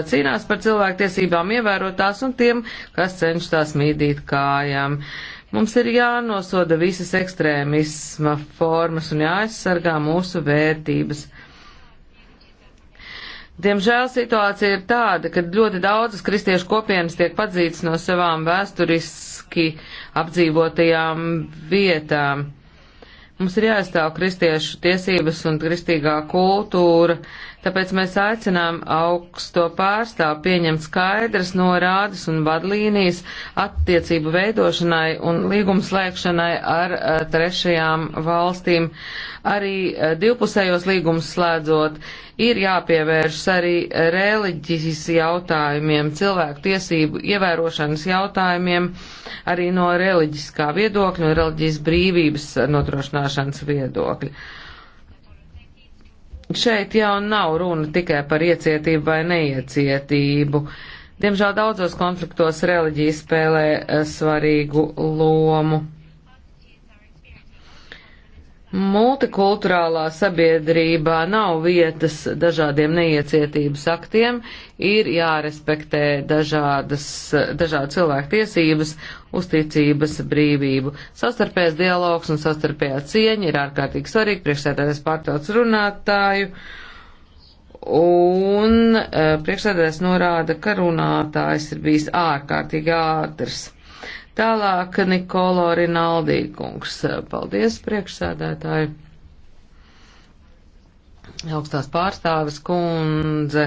cīnās par cilvēktiesībām, ievērot tās, un tiem, kas cenšas tās mīdīt kājām. Uh, Mums ir jānosoda visas ekstrēmisma formas un jāaizsargā mūsu vērtības. Diemžēl situācija ir tāda, ka ļoti daudzas kristiešu kopienas tiek padzītas no savām vēsturiski apdzīvotajām vietām. Mums ir jāizstāv kristiešu tiesības un kristīgā kultūra, Tāpēc mēs aicinām augsto pārstāvu pieņemt skaidras norādes un vadlīnijas attiecību veidošanai un līgumu slēgšanai ar eh, trešajām valstīm. Arī eh, divpusējos līgumus slēdzot ir jāpievēršas arī reliģijas jautājumiem, cilvēku tiesību ievērošanas jautājumiem, arī no reliģiskā viedokļa un reliģijas brīvības eh, nodrošināšanas viedokļa. Šeit jau nav runa tikai par iecietību vai neiecietību. Diemžēl daudzos konfliktos reliģija spēlē eh, svarīgu lomu. Multikulturālā sabiedrībā nav vietas dažādiem neiecietības aktiem, ir jārespektē dažādas, dažādu cilvēku tiesības, uzticības brīvību. Sastarpējais dialogs un sastarpējā cieņa ir ārkārtīgi svarīgi, priekšsēdētājs pārtauc runātāju, un eh, priekšsēdētājs norāda, ka runātājs ir bijis ārkārtīgi ātrs. Tālāk Nikolo Rinaldī kungs. Paldies, priekšsēdētāji. Augstās pārstāves kundze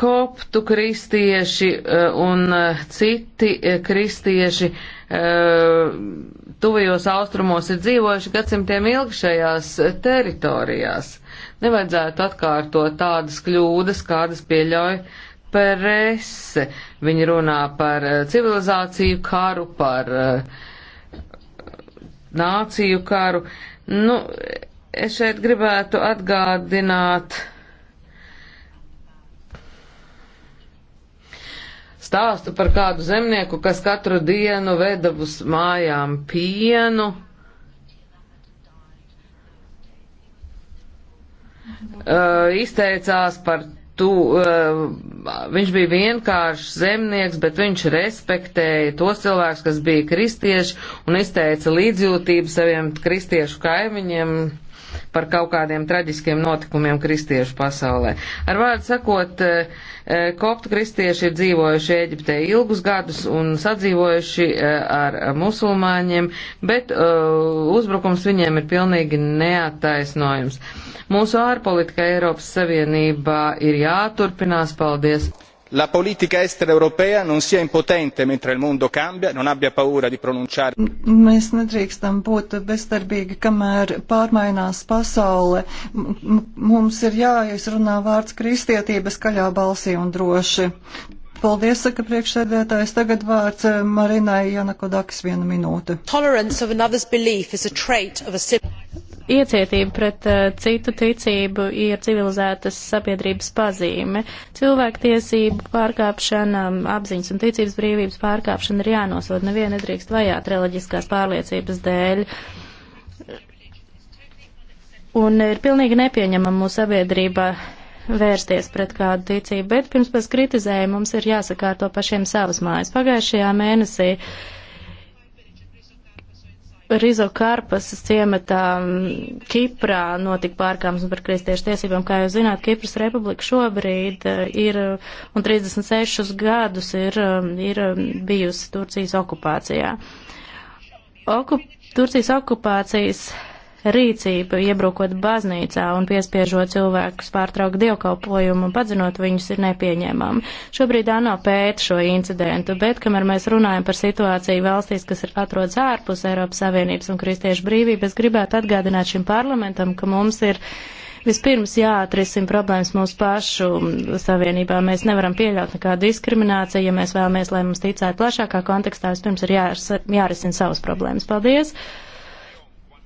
koptu kristieši eh, un eh, citi eh, kristieši tuvajos austrumos ir dzīvojuši gadsimtiem ilgi šajās teritorijās. Nevajadzētu atkārtot tādas kļūdas, kādas pieļauj prese. Viņi runā par eh, civilizāciju karu, par eh, nāciju karu. Nu, es šeit gribētu atgādināt. Stāstu par kādu zemnieku, kas katru dienu veda uz mājām pienu, Uh, izteicās par tu, uh, viņš bija vienkāršs zemnieks, bet viņš respektēja tos cilvēkus, kas bija kristieši un izteica līdzjūtību saviem kristiešu kaimiņiem. Uh, par kaut kādiem traģiskiem notikumiem kristiešu pasaulē. Ar vārdu sakot, e, e, koptu kristieši ir dzīvojuši Eģiptē ilgus gadus un sadzīvojuši e, ar musulmaņiem, bet uzbrukums viņiem ir pilnīgi neattaisnojums. Mūsu ārpolitika Eiropas Savienībā ir jāturpinās. Paldies! la politica estera europea non sia impotente mentre il mondo cambia non abbia paura di pronunciare. mēs nedrīkstam būt bezdarbīgi kamēr pārmainās pasaule mums ir jāizrunā vārds kristietības skaļā balsī un droši. Paldies, saka priekšsēdētājs. Tagad vārds eh, Marinai Janakodakis viena minūte. Iecietība pret uh, citu ticību ir civilizētas sabiedrības pazīme. Cilvēktiesību pārkāpšana, apziņas un ticības brīvības pārkāpšana ir jānosod. Neviena nedrīkst vajāt reliģiskās pārliecības dēļ. Un ir pilnīgi nepieņemama mūsu sabiedrībā vērsties pret kādu ticību, bet pirms pēc kritizēja mums ir jāsakārto pašiem savas mājas. Pagājušajā mēnesī Rizo Karpas ciematā Kiprā notika pārkāpums par kristiešu tiesībām. Kā jūs zināt, Kipras republika šobrīd eh, ir un 36 gadus ir, ir bijusi Turcijas okupācijā. Okup Turcijas okupācijas rīcība, iebrukot baznīcā un piespiežot cilvēkus pārtraukt dievkalpojumu un padzinot viņus, ir nepieņēmama. Šobrīd ANO pēta šo incidentu, bet kamēr mēs runājam par situāciju valstīs, kas ir atrodas ārpus Eiropas Savienības un kristiešu brīvības, gribētu atgādināt šim parlamentam, ka mums ir vispirms jāatrisina problēmas mūsu pašu savienībā. Mēs nevaram pieļaut nekādu diskrimināciju, ja mēs vēlamies, lai mums ticētu plašākā kontekstā, vispirms ir jārisina savas problēmas. Paldies!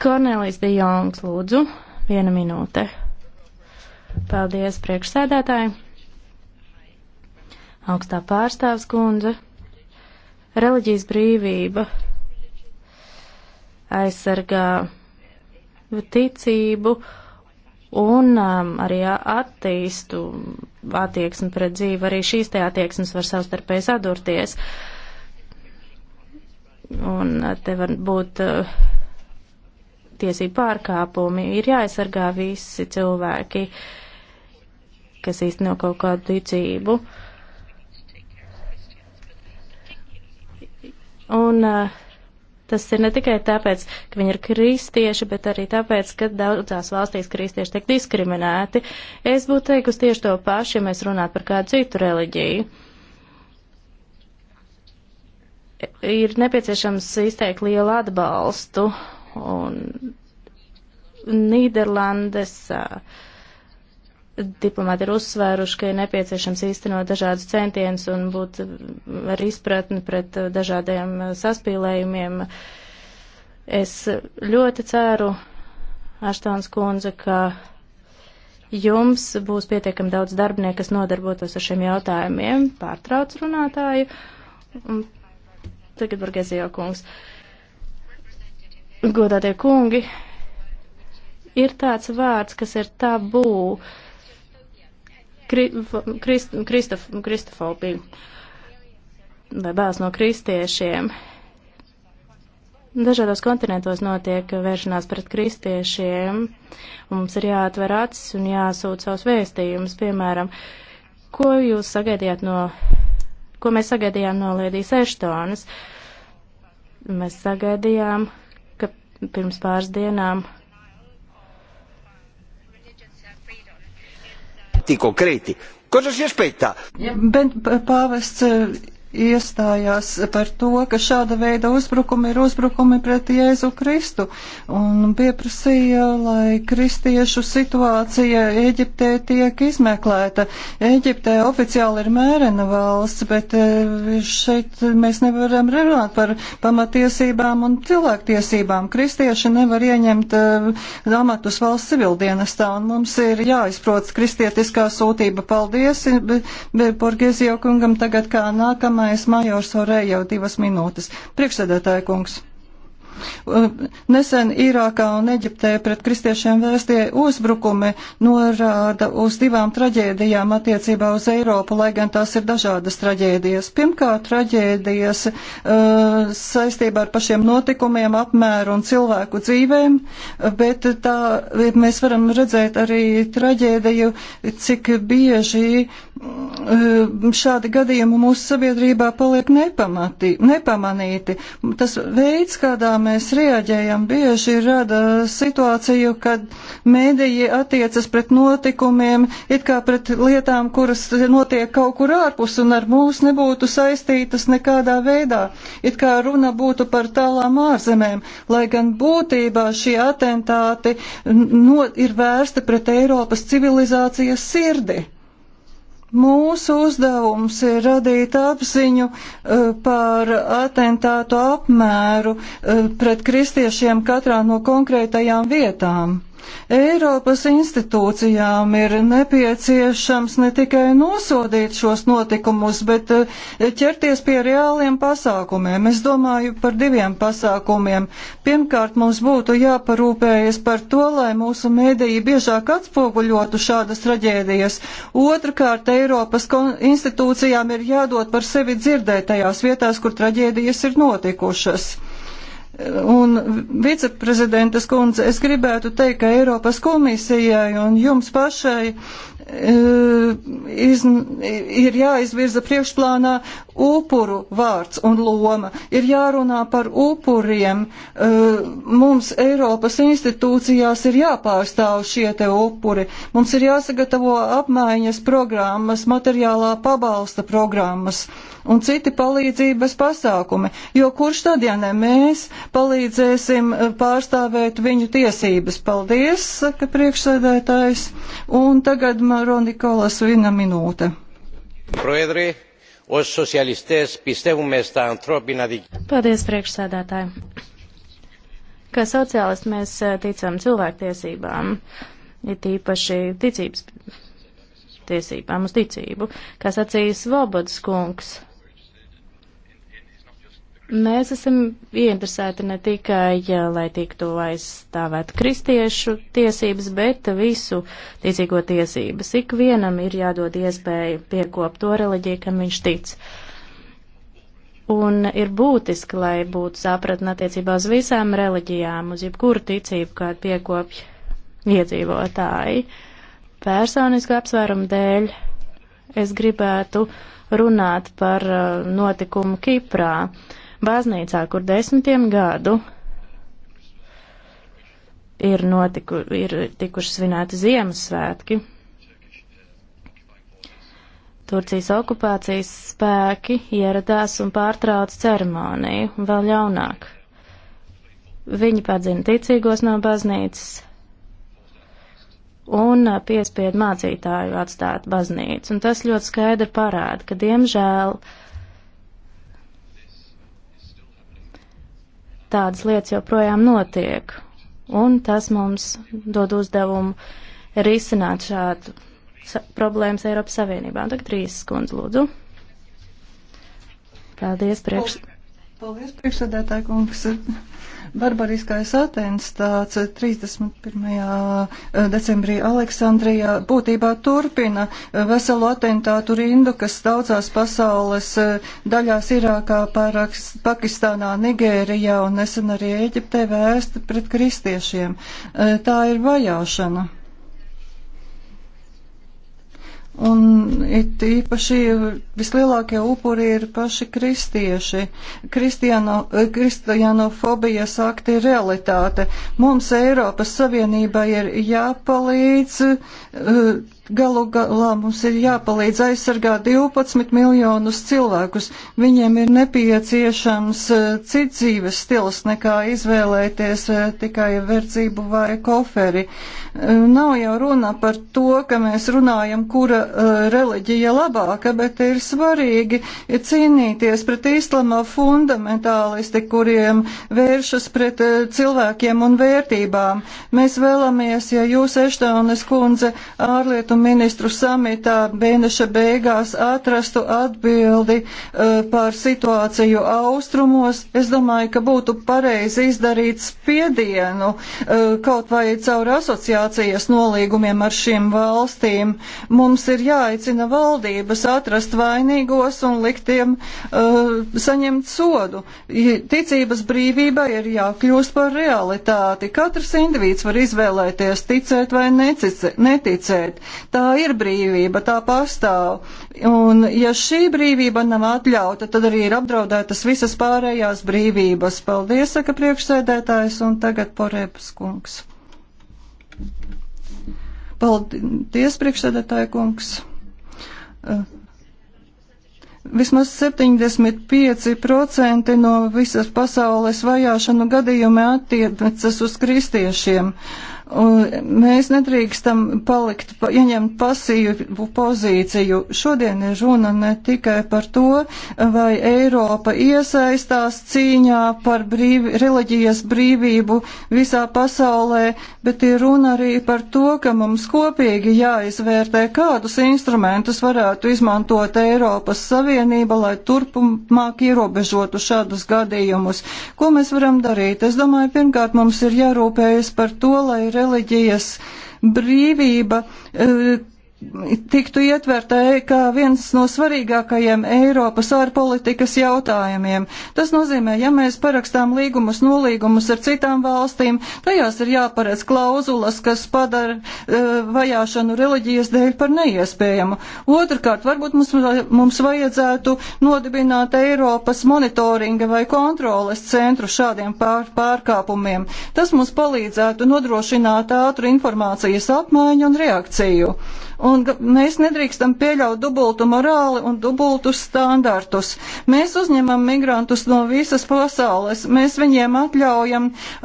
Kornelis Dijongs, lūdzu, viena minūte. Paldies, priekšsēdētāji. Augstā pārstāvs kundze. Reliģijas brīvība aizsargā ticību un um, arī attīstu attieksmi pret dzīvi. Arī šīs te attieksmes var savstarpēji sadurties. Un uh, te var būt. Uh, tiesību pārkāpumi. Ir jāaizsargā visi cilvēki, kas īsteno kaut kādu ticību. Un uh, tas ir ne tikai tāpēc, ka viņi ir kristieši, bet arī tāpēc, ka daudzās valstīs kristieši tiek diskriminēti. Es būtu teikusi tieši to pašu, ja mēs runātu par kādu citu reliģiju. Ir nepieciešams izteikt lielu atbalstu un Nīderlandes diplomāti ir uzsvēruši, ka ir nepieciešams īstenot dažādus centienus un būt ar izpratni pret dažādiem saspīlējumiem. Es ļoti ceru, Aštons kundze, ka jums būs pietiekami daudz darbinieku, kas nodarbotos ar šiem jautājumiem, pārtrauc runātāju. Un tagad Burgezijo kungs. Uh, godātie kungi, ir tāds vārds, kas ir tabū kri, krist, kristof, kristofobija vai bēls no kristiešiem. Dažādos kontinentos notiek vēršanās pret kristiešiem. Mums ir jāatver acis un jāsūt savus vēstījumus. Piemēram, ko jūs sagaidījāt no, ko mēs sagaidījām no Lēdijas Eštonas? Mēs sagaidījām, uh, pirms pāris dienām. Konkrēti, ko tas iespēja? Bet pāvests iestājās par to, ka šāda veida uzbrukumi ir uzbrukumi pret Jēzu Kristu un pieprasīja, lai kristiešu situācija Eģiptē tiek izmeklēta. Eģiptē oficiāli ir mērena valsts, bet e, šeit mēs nevaram runāt par pamatiesībām un cilvēktiesībām. Kristieši nevar ieņemt e, amatus valsts civildienestā un mums ir jāizprotas kristietiskā sūtība. Paldies, Borgēzija kungam tagad kā nākamā Nākamais Majors Orē jau divas minūtes. Priekšsēdētāja kungs. Uh, nesen Irākā un Eģiptē pret kristiešiem vēstie uzbrukumi norāda uz divām traģēdijām attiecībā uz Eiropu, lai gan tās ir dažādas traģēdijas. Pirmkārt, traģēdijas uh, saistībā ar pašiem notikumiem, apmēru un cilvēku dzīvēm, bet tā mēs varam redzēt arī traģēdiju, cik bieži Mm, e, šādi gadījumi mūsu sabiedrībā paliek nepamati, nepamanīti. Tas veids, kādā mēs reaģējam, bieži rada situāciju, kad mēdīji attiecas pret notikumiem, it kā pret lietām, kuras notiek kaut kur ārpus un ar mūs nebūtu saistītas nekādā veidā, it kā runa būtu par tālām ārzemēm, lai gan būtībā šie atentāti no, ir vērsti pret Eiropas civilizācijas sirdi. Mūsu uzdevums ir radīt apziņu e, par atentātu apmēru e, pret kristiešiem katrā no konkrētajām vietām. Eiropas institūcijām ir nepieciešams ne tikai nosodīt šos notikumus, bet eh, ķerties pie reāliem pasākumiem. Es domāju par diviem pasākumiem. Pirmkārt, mums būtu jāparūpējas par to, lai mūsu mēdīji biežāk atspoguļotu šādas traģēdijas. Otrakārt, Eiropas institūcijām ir jādod par sevi dzirdētajās vietās, kur traģēdijas ir notikušas. Un viceprezidentas kundze, es gribētu teikt, ka Eiropas komisijai un jums pašai eh, iz, ir jāizvirza priekšplānā upuru vārds un loma, ir jārunā par upuriem. Eh, mums Eiropas institūcijās ir jāpārstāv šie te upuri. Mums ir jāsagatavo apmaiņas programmas, materiālā pabalsta programmas un citi palīdzības pasākumi, jo kurš tad, ja ne mēs, palīdzēsim eh, pārstāvēt viņu tiesības? Paldies, saka priekšsēdētājs, un tagad Maro Nikolas viena minūte. Proedri. Ως σοσιαλιστές πιστεύουμε στα ανθρώπινα δικαιώματα. Paldies, priekšsēdētāji. Kā sociālisti mēs eh, ticam cilvēktiesībām, ir tīpaši ticības tiesībām uz ticību, kā sacīja Svobodas kungs. Mēs esam ieinteresēti ne tikai, ja, lai tiktu aizstāvēt kristiešu tiesības, bet visu ticīgo tiesības. Ikvienam ir jādod iespēju piekopt to reliģiju, kam viņš tic. Un ir būtiski, lai būtu sapratne attiecībā uz visām reliģijām, uz jebkuru ticību, kādu piekopj iedzīvotāji. Personisku apsvērumu dēļ es gribētu runāt par uh, notikumu Kiprā. Uh, baznīcā, kur desmitiem gadu ir, notiku, ir tikuši svinēti Ziemassvētki. Turcijas okupācijas spēki ieradās un pārtrauca ceremoniju, un vēl ļaunāk. Viņi padzina ticīgos no baznīcas un piespied mācītāju atstāt baznīcu, un tas ļoti skaidri parāda, ka, diemžēl, uh, tādas lietas joprojām notiek. Un tas mums dod uzdevumu risināt šādu problēmas Eiropas Savienībā. Un tagad trīs skundz lūdzu. Paldies, priekš... Paldies, priekšsēdētāji kungs. Barbariskais atentāts 31. Eh, decembrī Aleksandrijā būtībā turpina eh, veselu atentātu rindu, kas daudzās pasaules eh, daļās Irākā, Paraks, Pakistānā, Nigērijā un nesen arī Eģiptē vēsti pret kristiešiem. Tā ir vajāšana. Un it īpaši vislielākie upuri ir paši kristieši. Kristiano, eh, kristianofobijas akti ir realitāte. Mums Eiropas Savienībai ir jāpalīdz uh, Galu galā mums ir jāpalīdz aizsargāt 12 miljonus cilvēkus. Viņiem ir nepieciešams e, cits dzīves stils nekā izvēlēties e, tikai verdzību vai koferi. E, nav jau runa par to, ka mēs runājam, kura reliģija labāka, bet ir svarīgi cīnīties pret islama fundamentālisti, kuriem vēršas pret cilvēkiem un vērtībām. Mēs vēlamies, ja jūs, Eštānes kundze, ārlietu ārlietu ministru samitā mēneša beigās atrastu atbildi uh, par situāciju austrumos, es domāju, ka būtu pareizi izdarīt spiedienu uh, kaut vai caur asociācijas nolīgumiem ar šīm valstīm. Mums ir jāicina valdības atrast vainīgos un liktiem uh, saņemt sodu. Ticības brīvībai ir jākļūst par realitāti. Katrs individs var izvēlēties ticēt vai neticēt. Tā ir brīvība, tā pastāv. Un ja šī brīvība nav atļauta, tad arī ir apdraudētas visas pārējās brīvības. Paldies, saka priekšsēdētājs, un tagad porēpas kungs. Paldies, priekšsēdētāja kungs. Uh. Vismaz 75% no visas pasaules vajāšanu gadījumi attiecas uz kristiešiem. Uh, Un mēs nedrīkstam palikt, pa, ieņemt pasīvu pozīciju. Šodien ir runa ne tikai par to, vai Eiropa iesaistās cīņā par brīvi, reliģijas brīvību visā pasaulē, bet ir runa arī par to, ka mums kopīgi jāizvērtē, kādus instrumentus varētu izmantot Eiropas Savienība, lai turpmāk ierobežotu šādus gadījumus. Ko mēs varam darīt? Es domāju, pirmkārt mums ir jārūpējas par to, lai reliģijas brīvība eh, tiktu ietverta kā viens no svarīgākajiem Eiropas ārpolitikas jautājumiem. Tas nozīmē, ja mēs parakstām līgumus, nolīgumus ar citām valstīm, tajās ir jāparedz klauzulas, kas padara uh, vajāšanu reliģijas dēļ par neiespējamu. Otrkārt, varbūt mums, mums vajadzētu nodibināt Eiropas monitoringa vai kontroles centru šādiem pār, pārkāpumiem. Tas mums palīdzētu nodrošināt ātru informācijas apmaiņu un reakciju. Un un mēs nedrīkstam pieļaut dubultu morāli un dubultus standartus. Mēs uzņemam migrantus no visas pasaules, mēs viņiem atļaujam uh,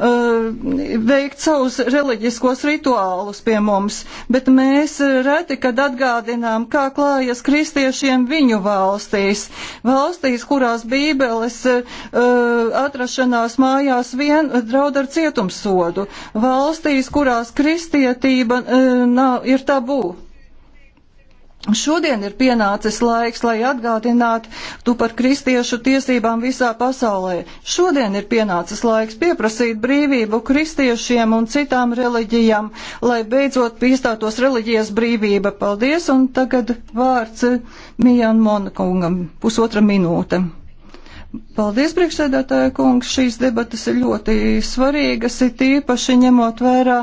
veikt savus reliģiskos rituālus pie mums, bet mēs reti, kad atgādinām, kā klājas kristiešiem viņu valstīs, valstīs, kurās Bībeles uh, atrašanās mājās vien draud ar cietumsodu, valstīs, kurās kristietība uh, nav, ir tabū. Šodien ir pienācis laiks, lai atgādinātu tu par kristiešu tiesībām visā pasaulē. Šodien ir pienācis laiks pieprasīt brīvību kristiešiem un citām reliģijām, lai beidzot piestātos reliģijas brīvība. Paldies, un tagad vārds Mijan Monakungam, pusotra minūte. Paldies, priekšsēdētāja kungs. Šīs debatas ir ļoti svarīgas, it īpaši ņemot vērā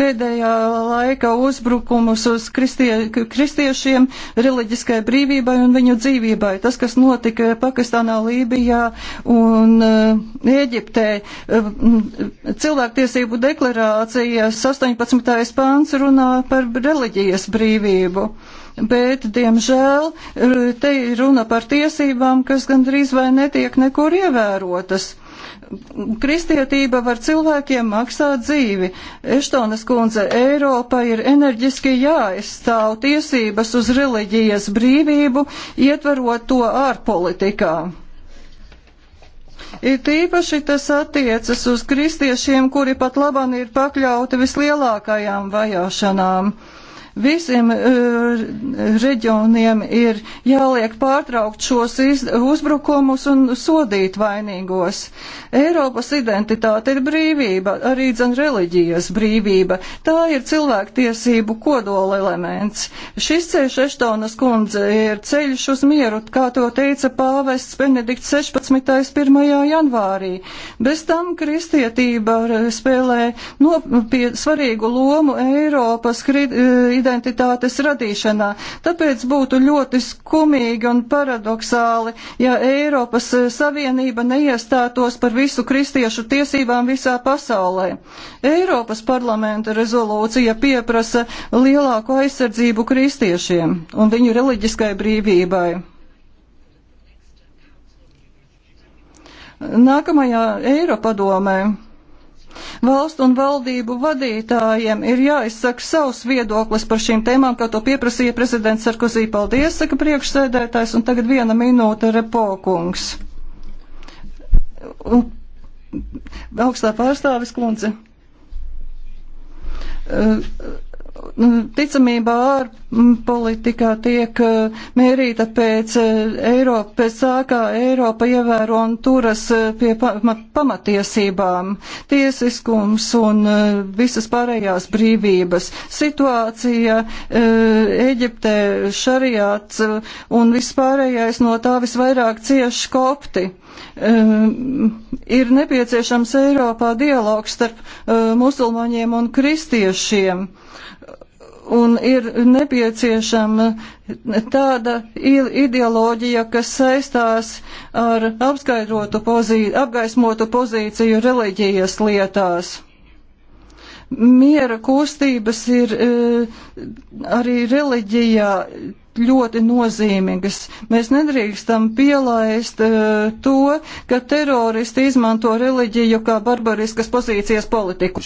pēdējā laika uzbrukumus uz kristie, kristiešiem, reliģiskai brīvībai un viņu dzīvībai. Tas, kas notika Pakistānā, Lībijā un uh, Ēģiptē, uh, cilvēktiesību deklarācijas 18. pāns runā par reliģijas brīvību. Uh, bet, diemžēl, te ir runa par tiesībām, kas gandrīz vai netiek nekur ievērotas. Kristietība var cilvēkiem maksāt dzīvi. Eštonas kundze, Eiropa ir enerģiski jāizstāv tiesības uz reliģijas brīvību, ietverot to ārpolitikā. It īpaši tas attiecas uz kristiešiem, kuri pat labam ir pakļauti vislielākajām vajāšanām. Visiem uh, reģioniem ir jāliek pārtraukt šos iz, uzbrukumus un sodīt vainīgos. Eiropas identitāte ir brīvība, arī dzen reliģijas brīvība. Tā ir cilvēktiesību kodola elements. Šis ceļš Eštonas kundze ir ceļš uz mieru, kā to teica pāvests Benedikts 16. 1. janvārī. Bez tam kristietība spēlē nopie, svarīgu lomu Eiropas kri, e, identitātes radīšanā. Tāpēc būtu ļoti skumīgi un paradoxāli, ja Eiropas eh, Savienība neiestātos par visu kristiešu tiesībām visā pasaulē. Eiropas parlamenta rezolūcija pieprasa lielāku aizsardzību kristiešiem un viņu reliģiskai brīvībai. Nākamajā Eiropadomē Valstu un valdību vadītājiem ir jāizsaka savs viedoklis par šīm tēmām, kā to pieprasīja prezidents Sarkozī. Paldies, saka priekšsēdētājs, un tagad viena minūte repokungs. Un, augstā pārstāvis kundze. Uh, Mm, ticamība ārpolitikā mm, tiek eh, mērīta pēc eh, Eiropa, pēc tā, kā Eiropa ievēro un turas eh, pie pamatiesībām, tiesiskums un visas pārējās brīvības. Situācija Eģiptē, šariāts un vispārējais no tā visvairāk cieši kopti. Ir nepieciešams Eiropā dialogs starp musulmaņiem un kristiešiem un ir nepieciešama tāda ideoloģija, kas saistās ar apskaidrotu pozīciju, apgaismotu pozīciju reliģijas lietās. Miera kustības ir e, arī reliģijā ļoti nozīmīgas. Mēs nedrīkstam pielaist uh, to, ka teroristi izmanto reliģiju kā barbariskas pozīcijas politiku.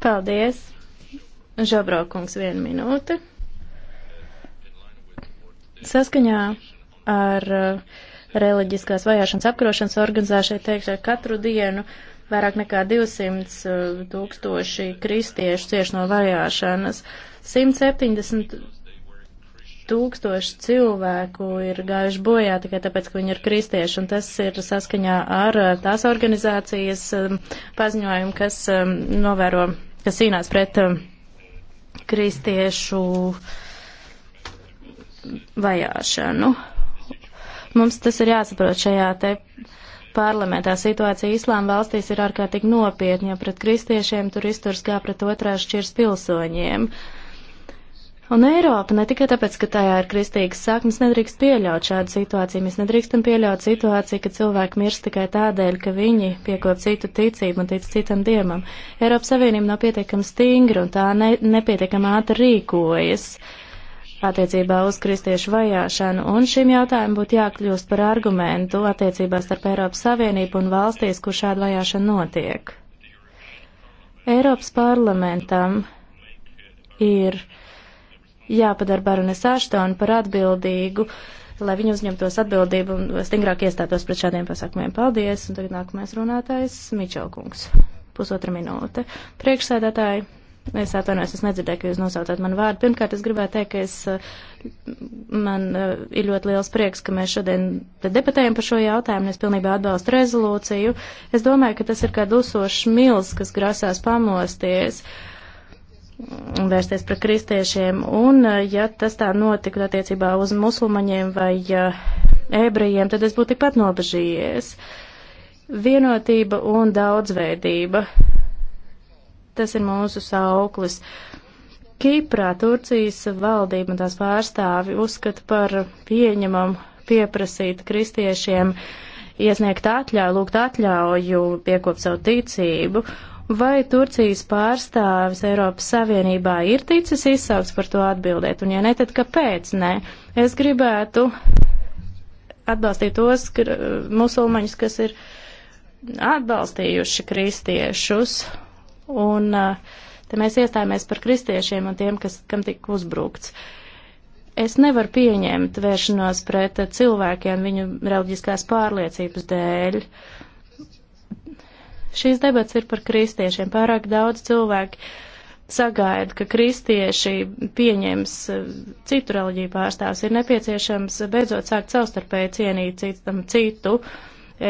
Paldies! Žabraukungs, viena minūte. Saskaņā ar uh, reliģiskās vajāšanas apkarošanas organizācijai teikt, ka katru dienu vairāk nekā 200 uh, tūkstoši kristiešu cieš no vajāšanas. 170 tūkstoši cilvēku ir gājuši bojā tikai tāpēc, ka viņi ir kristieši, un tas ir saskaņā ar uh, tās organizācijas um, paziņojumu, kas um, novēro, kas cīnās pret um, kristiešu vajāšanu. Mums tas ir jāsaprot šajā te parlamentā. Situācija Islāma valstīs ir ārkārtīgi nopietna, jo pret kristiešiem tur izturs kā pret otrās šķirs pilsoņiem. Uh, Un Eiropa ne tikai tāpēc, ka tajā ir kristīgas saknes, nedrīkst pieļaut šādu situāciju. Mēs nedrīkstam pieļaut situāciju, ka cilvēki mirst tikai tādēļ, ka viņi piekop citu ticību un tic citam dievam. Eiropas Savienība nav pietiekami stingra un tā ne, nepietiekami ātri rīkojas attiecībā uz kristiešu vajāšanu, un šim jautājumam būtu jākļūst par argumentu attiecībā starp Eiropas Savienību un valstīs, kur šāda vajāšana notiek. Eiropas parlamentam ir jāpadara Baronis Aštonu par atbildīgu, lai viņi uzņemtos atbildību un stingrāk iestātos pret šādiem pasākumiem. Paldies! Un tagad nākamais runātājs Mičelkungs. Pusotra minūte. Priekšsēdētāji, Es atvainojos, es nedzirdēju, ka jūs nosaucāt manu vārdu. Pirmkārt, es gribēju teikt, ka es, eh, man eh, ir ļoti liels prieks, ka mēs šodien debatējam par šo jautājumu, es pilnībā atbalstu rezolūciju. Es domāju, ka tas ir kā dusošs mils, kas grasās pamosties. Uh, vērsties pret kristiešiem, un eh, ja tas tā notiktu attiecībā uz musulmaņiem vai eh, ebrejiem, tad es būtu tikpat nobežījies. Vienotība un daudzveidība. Tas ir mūsu sauklis. Kiprā Turcijas valdība un tās pārstāvi uzskata par pieņemam pieprasīt kristiešiem iesniegt atļauju, lūgt atļauju piekopt savu ticību, vai Turcijas pārstāvis Eiropas Savienībā ir ticis izsaukts par to atbildēt, un ja ne, tad kāpēc nē? Es gribētu atbalstīt tos musulmaņus, kas ir atbalstījuši kristiešus, un eh, te mēs iestājāmies par kristiešiem un tiem, kas, kam tika uzbrukts. Es nevaru pieņemt vēršanos pret cilvēkiem viņu reliģiskās pārliecības dēļ. Uh, Šīs debats ir par kristiešiem. Pārāk daudz cilvēki sagaida, ka kristieši pieņems eh, citu reliģiju pārstāvs. Ir nepieciešams beidzot sākt savstarpēji cienīt citam citu.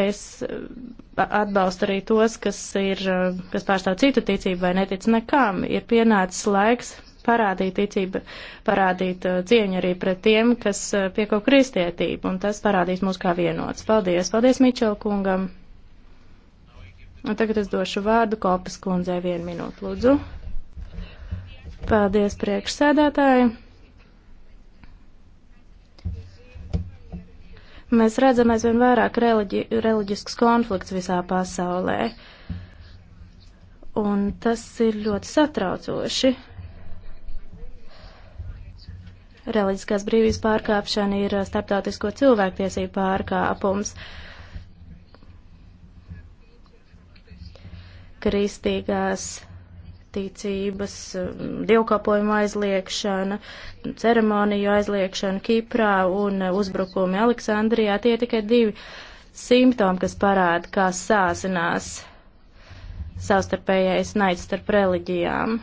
Es eh, atbalstu arī tos, kas, ir, eh, kas pārstāv citu ticību vai netic nekam. Ir pienācis laiks parādīt ticību, parādīt cieņu arī pret tiem, kas pieko kristietību, un tas parādīs mūs kā vienots. Paldies! Paldies Mičel kungam! Un tagad es došu vārdu Kopas kundzei vienu minūtu, lūdzu. Paldies priekšsēdētāji. Mēs redzam aizvien vairāk reliģi, reliģiskus konflikts visā pasaulē. Un tas ir ļoti satraucoši. Reliģiskās brīvības pārkāpšana ir starptautisko cilvēktiesību pārkāpums. Uh, kristīgās ticības, dievkalpojuma aizliekšana, ceremoniju aizliekšana Kiprā un uzbrukumi Aleksandrijā. Tie ir tikai divi simptomi, kas parāda, kā sāsinās savstarpējais naids starp reliģijām.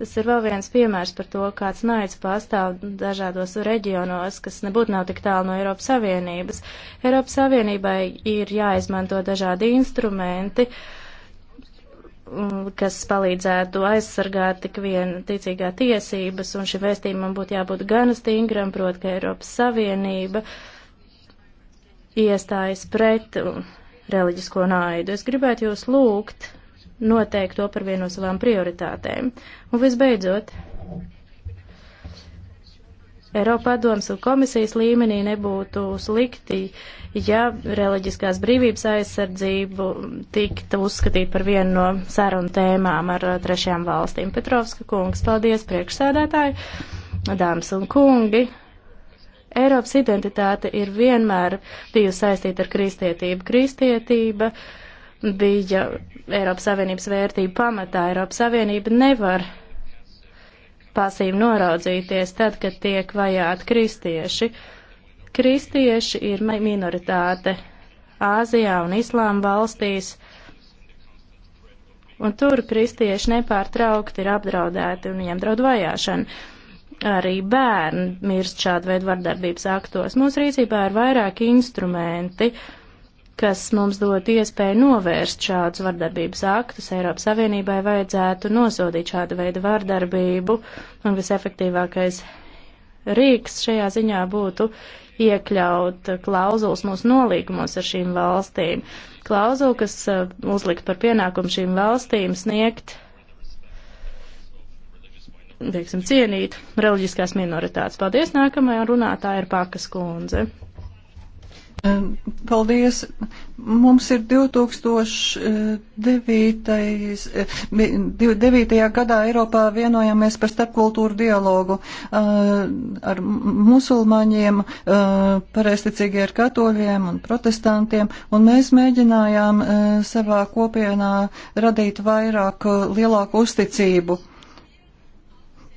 Tas ir vēl viens piemērs par to, kāds naids pastāv dažādos reģionos, kas nebūtu nav tik tālu no Eiropas Savienības. Eiropas Savienībai ir jāizmanto dažādi instrumenti, mm, kas palīdzētu aizsargāt tik vien ticīgā tiesības, un šim vēstījumam būtu jābūt gan stingram, prot, ka Eiropas Savienība iestājas pret reliģisko naidu. Es gribētu jūs lūgt noteikt to par vienu no savām prioritātēm. Un visbeidzot, Eiropa padoms un komisijas līmenī nebūtu slikti, ja reliģiskās brīvības aizsardzību tiktu uzskatīt par vienu no sarunu tēmām ar uh, trešajām valstīm. Petrovska kungs, paldies priekšsēdētāji, dāmas un kungi. Eiropas identitāte ir vienmēr bijusi saistīta ar kristietību. Kristietība bija Eiropas Savienības vērtību pamatā. Eiropas Savienība nevar pasīvi noraudzīties tad, kad tiek vajāti kristieši. Kristieši ir minoritāte Āzijā un Islāma valstīs, un tur kristieši nepārtraukti ir apdraudēti un viņiem draud vajāšana arī bērni mirst šādu veidu vardarbības aktos. Mūsu rīcībā ir vairāki instrumenti, uh, kas mums dod iespēju novērst šādus vardarbības aktus. Eiropas Savienībai vajadzētu nosodīt šādu veidu vardarbību, un visefektīvākais rīks šajā ziņā būtu iekļaut klauzulas mūsu nolīgumos ar šīm valstīm. Klauzulu, kas uh, uzlikt par pienākumu šīm valstīm sniegt, teiksim, cienīt reliģiskās minoritātes. Paldies, nākamajā runātāja ir Pakas kundze. Paldies. Mums ir 2009. 2009. gadā Eiropā vienojāmies par starpkultūru dialogu ar musulmaņiem, pareisticīgie ar katoļiem un protestantiem, un mēs mēģinājām savā kopienā radīt vairāk lielāku uzticību.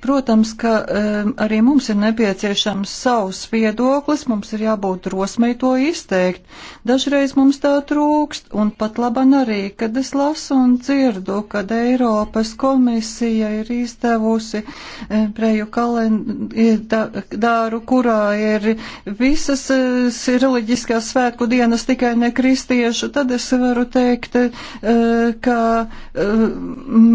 Protams, ka um, arī mums ir nepieciešams savs viedoklis, mums ir jābūt drosmei to izteikt. Dažreiz mums tā trūkst, un pat laban arī, kad es lasu un dzirdu, kad Eiropas komisija ir izdevusi um, preju kalendāru, kurā ir visas uh, reliģiskās svētku dienas tikai ne kristiešu, tad es varu teikt, uh, ka uh,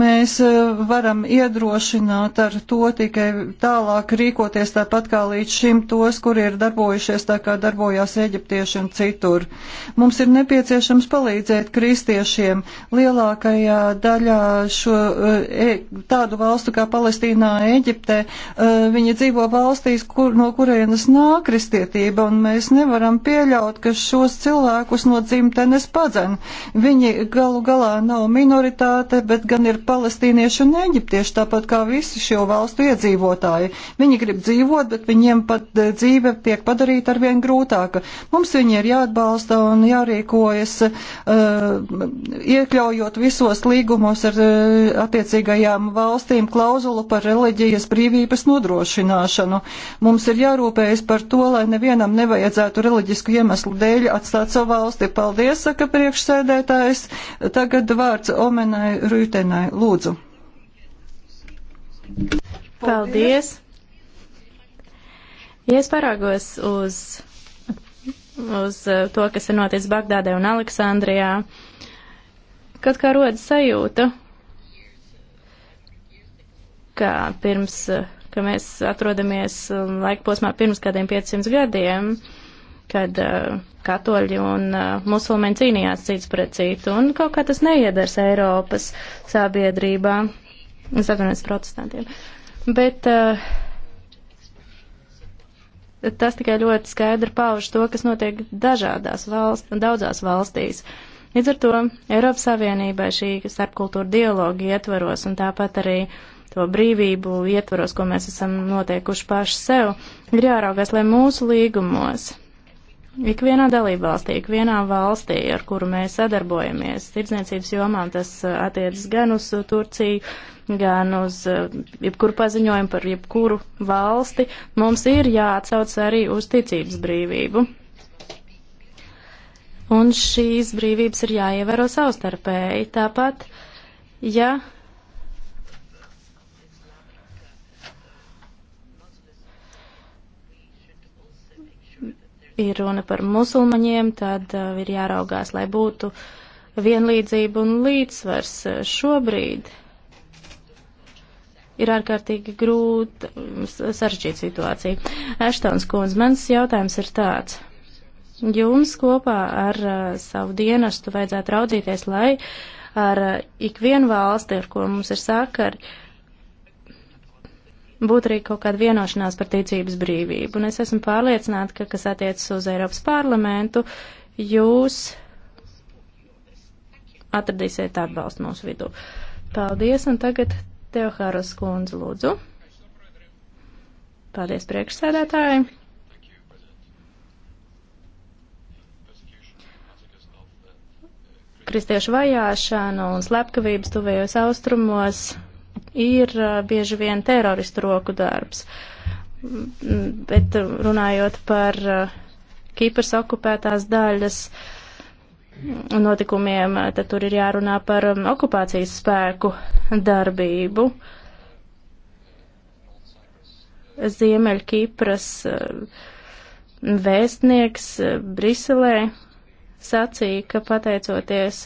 mēs uh, varam iedrošināt ar to, to tikai tālāk rīkoties tāpat kā līdz šim tos, kuri ir darbojušies tā kā darbojās eģiptieši un citur. Mums ir nepieciešams palīdzēt kristiešiem. Lielākajā daļā šo e, tādu valstu kā Palestīnā, Eģiptē, e, viņi dzīvo valstīs, kur, no kurienes nāk kristietība, un mēs nevaram pieļaut, ka šos cilvēkus no dzimtenes padzen. Viņi galu galā nav minoritāte, bet gan ir palestīnieši un eģiptieši, tāpat kā visi šo valstu valstu iedzīvotāji. Viņi grib dzīvot, bet viņiem pat eh, dzīve tiek padarīta arvien grūtāka. Mums viņi ir jāatbalsta un jārīkojas, eh, iekļaujot visos līgumos ar eh, attiecīgajām valstīm klauzulu par reliģijas brīvības nodrošināšanu. Mums ir jārūpējas par to, lai nevienam nevajadzētu reliģisku iemeslu dēļ atstāt savu valsti. Paldies, saka priekšsēdētājs. Tagad vārds Omenai Rūtenai. Lūdzu. Paldies! Ja es parāgos uz, uz uh, to, kas ir noticis Bagdādē un Aleksandrijā, kaut kā rodas sajūta, ka pirms, uh, ka mēs atrodamies um, laika posmā pirms kādiem 500 gadiem, kad uh, katoļi un uh, musulmaņi cīnījās cits pret citu, un kaut kā tas neiedars Eiropas sabiedrībā. Es atvainojos protestantiem. Bet uh, tas tikai ļoti skaidri pauž to, kas notiek dažādās valsts, daudzās valstīs. Līdz ar to Eiropas Savienībai šī starpkultūra dialoga ietvaros un tāpat arī to brīvību ietvaros, ko mēs esam noteikuši paši sev, ir jāraugās, lai mūsu līgumos Ikvienā dalībvalstī, ikvienā valstī, ar kuru mēs sadarbojamies, tirdzniecības jomā tas uh, attiecas gan uz uh, Turciju, gan uz uh, jebkuru paziņojumu par jebkuru valsti, mums ir jāatsauc arī uz ticības brīvību. Un šīs brīvības ir jāievēro savstarpēji. Tāpat, ja ir runa par musulmaņiem, tad uh, ir jāraugās, lai būtu vienlīdzība un līdzsvars uh, šobrīd. Ir ārkārtīgi grūta, mm, sarežģīta situācija. Eštons kundze, mans jautājums ir tāds. Jums kopā ar uh, savu dienestu vajadzētu raudzīties, lai ar uh, ikvienu valsti, ar ko mums ir sakari, uh, būtu arī kaut kāda vienošanās par ticības brīvību. Un es esmu pārliecināta, ka, kas attiecas uz Eiropas parlamentu, jūs atradīsiet atbalstu mūsu vidū. Paldies, un tagad Teohāras kundze lūdzu. Paldies priekšsēdētāji. Kristiešu vajāšanu un slepkavības tuvējos austrumos ir uh, bieži vien teroristu roku darbs. Mm, bet runājot par uh, Kīpras okupētās daļas mm, notikumiem, uh, tad tur ir jārunā par um, okupācijas spēku darbību. Ziemeļkipras vēstnieks Briselē sacīja, ka pateicoties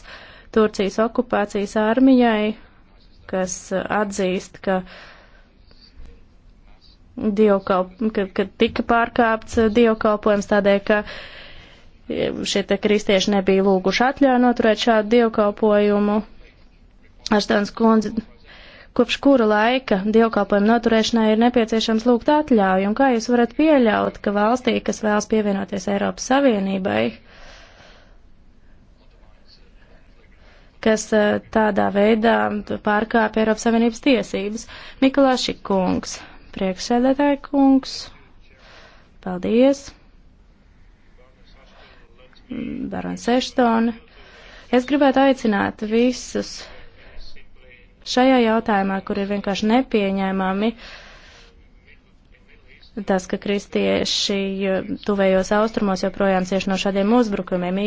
Turcijas okupācijas armijai kas atzīst, ka dievkalp, ka, ka tika pārkāpts dievkalpojums tādēļ, ka šie te kristieši nebija lūguši atļauju noturēt šādu dievkalpojumu. Arstāns kundze kopš kura laika dievkalpojumu noturēšanai ir nepieciešams lūgt atļauju, un kā jūs varat pieļaut, ka valstī, kas vēlas pievienoties Eiropas Savienībai, kas tādā veidā pārkāpja Eiropas Savienības tiesības. Mikulāši kungs, priekšsēdētāji kungs, paldies. Barons Eštoni. Es gribētu aicināt visus šajā jautājumā, kur ir vienkārši nepieņēmami uh, tas, ka kristieši eh, tuvējos austrumos joprojām cieši no šādiem uzbrukumiem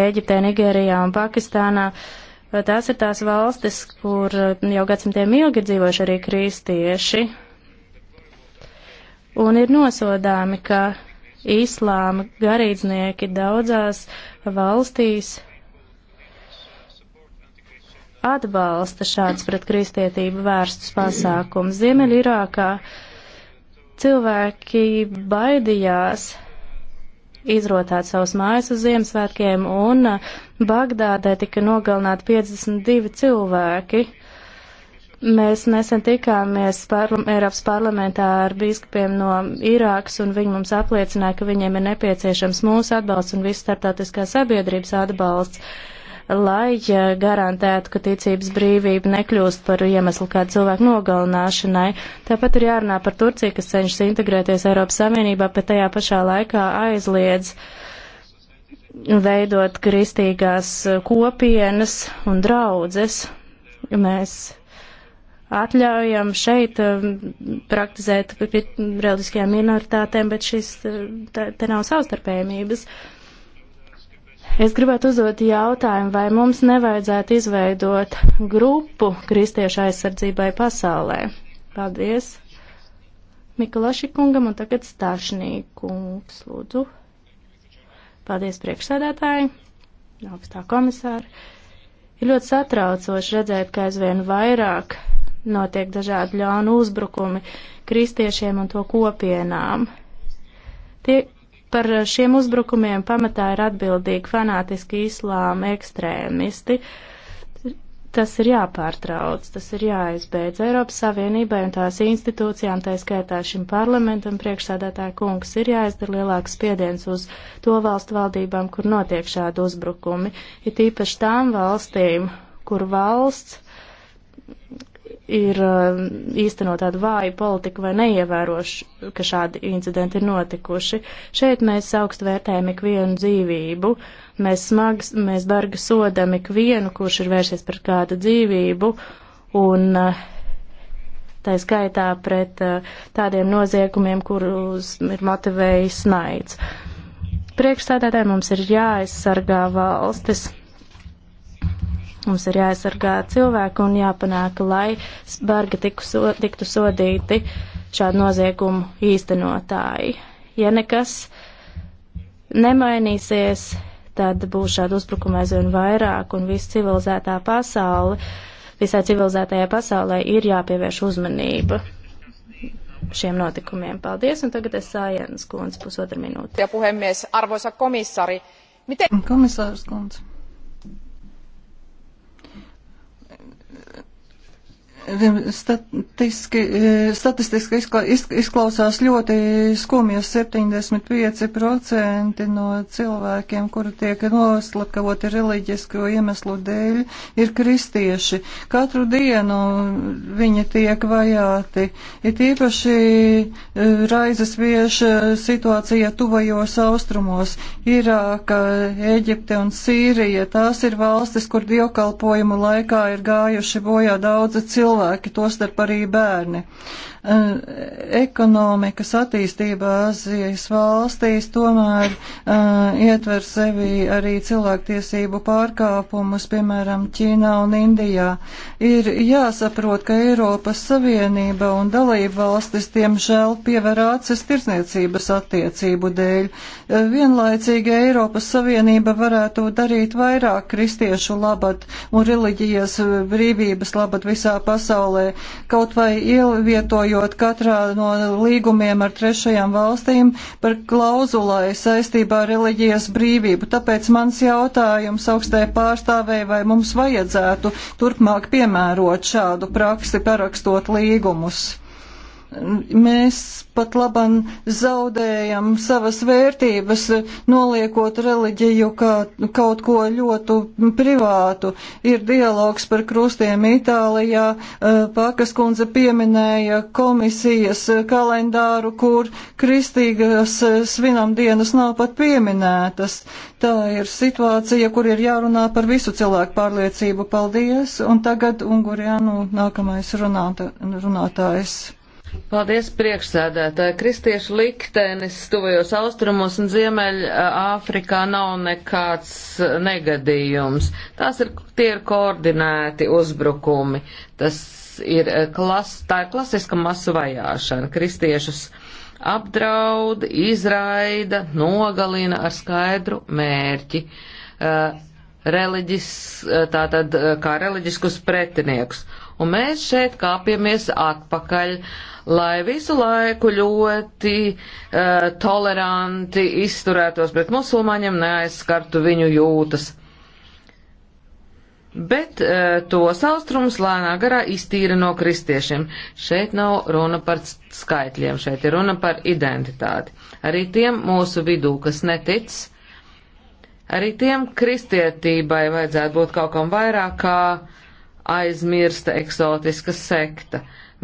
Ēģiptē, Nigērijā un Pakistānā. Tās ir tās valstis, kur eh, jau gadsimtiem ilgi dzīvojuši arī kristieši. Un ir nosodāmi, ka islāma garīdznieki daudzās valstīs atbalsta šāds pret kristietību vērstus pasākums. Ziemeļirākā ir Cilvēki baidījās izrotāt savus mājas uz Ziemassvētkiem, un uh, Bagdādē tika nogalināti 52 cilvēki. Mēs nesen tikāmies parlam Eiropas parlamentā ar biskupiem no Irākas, un viņi mums apliecināja, ka viņiem ir nepieciešams mūsu atbalsts un visu starptautiskā sabiedrības atbalsts. Uh, lai garantētu, ka ticības brīvība nekļūst par iemeslu kādu cilvēku nogalināšanai. Tāpat ir jārunā par Turciju, kas cenšas integrēties Eiropas Savienībā, bet tajā pašā laikā aizliedz veidot kristīgās kopienas un draudzes. Mēs atļaujam šeit um, praktizēt reliģiskajām minoritātēm, bet šis uh, te nav savstarpējumības. Uh, Es gribētu uzdot jautājumu, vai mums nevajadzētu izveidot grupu kristiešu aizsardzībai pasaulē. Paldies Mikulaši kungam un tagad Stašnī kungs, lūdzu. Paldies priekšsēdētāji, augstā komisāra. Ir ļoti satraucoši redzēt, ka aizvien vairāk notiek dažādi ļaunu uzbrukumi kristiešiem un to kopienām. Tie Par šiem uzbrukumiem pamatā ir atbildīgi fanātiski islāma ekstrēmisti. Tas ir jāpārtrauc, tas ir jāizbeidz Eiropas Savienībai un tās institūcijām, tā skaitā šim parlamentam, priekšsādātāja kungs, ir jāizdara lielāks spiediens uz to valstu valdībām, kur notiek šādi uzbrukumi, ir tīpaši tām valstīm, kur valsts ir um, īstenot tādu vāju politiku vai neievērošu, ka šādi incidenti ir notikuši. Šeit mēs augstu vērtējam ikvienu dzīvību, mēs smags, mēs bargi sodam ikvienu, kurš ir vērsies par kādu dzīvību, un uh, tā skaitā pret uh, tādiem noziegumiem, kurus ir motivējis naids. Priekšstādātāji mums ir jāaizsargā valstis Mums ir jāaizsargā cilvēku un jāpanāk, lai bargi so, tiktu sodīti šādu noziegumu īstenotāji. Ja nekas nemainīsies, tad būs šādu uzbrukumu aizvien vairāk un viss civilizētā pasaule, visai civilizētajai pasaulē ir jāpievērš uzmanība šiem notikumiem. Paldies, un tagad es sājienas kundze pusotru minūti. Ja puhemies, arvoisa komisari, miten... Komisārs kundze. Statiski, e, statistiski izklausās ļoti skumji, ja 75% no cilvēkiem, kuri tiek noslapkavoti reliģisko iemeslu dēļ, ir kristieši. Katru dienu viņi tiek vajāti. Ir īpaši e, raizes vieša e, situācija tuvajos austrumos - Irāka, Eģipte un Sīrija. Tās ir valstis, kur dievkalpojumu laikā ir gājuši bojā daudzi cilvēki cilvēki, tostarp arī bērni. Eh, ekonomikas attīstība Azijas valstīs tomēr uh, ietver sevi arī cilvēktiesību pārkāpumus, piemēram, Ķīnā un Indijā. Ir jāsaprot, ka Eiropas Savienība un dalība valstis, tiemžēl, piever acis tirsniecības attiecību dēļ. Eh, vienlaicīgi Eiropas Savienība varētu darīt vairāk kristiešu labad un reliģijas brīvības labad visā pasaulē pasaulē, kaut vai ievietojot katrā no līgumiem ar trešajām valstīm par klauzulai saistībā ar reliģijas brīvību. Tāpēc mans jautājums augstai pārstāvēji, vai mums vajadzētu turpmāk piemērot šādu praksi parakstot līgumus. Mēs pat labam zaudējam savas vērtības, noliekot reliģiju kā kaut ko ļoti privātu. Ir dialogs par krustiem Itālijā, eh, Pakas kundze pieminēja komisijas kalendāru, kur kristīgas eh, svinam dienas nav pat pieminētas. Tā ir situācija, kur ir jārunā par visu cilvēku pārliecību. Paldies! Un tagad Ungurianu nākamais runāta, runātājs. Paldies priekšsēdētāji. Kristiešu liktenis tuvajos austrumos un ziemeļ Āfrikā nav nekāds negadījums. Tās ir, tie ir koordinēti uzbrukumi. Tas ir, eh, klas, tā ir klasiska masu vajāšana. Kristiešus apdraud, izraida, nogalina ar skaidru mērķi. Uh, reliģis, eh, tātad kā reliģiskus pretiniekus un mēs šeit kāpjamies atpakaļ, lai visu laiku ļoti uh, toleranti izturētos pret musulmaņiem, neaizskartu viņu jūtas. Bet e, uh, tos austrumus lēnā garā iztīra no kristiešiem. Šeit nav runa par skaitļiem, šeit ir runa par identitāti. Arī tiem mūsu vidū, kas netic, arī tiem kristietībai vajadzētu būt kaut kam vairāk kā uh, aizmirsta eksotiska sekta.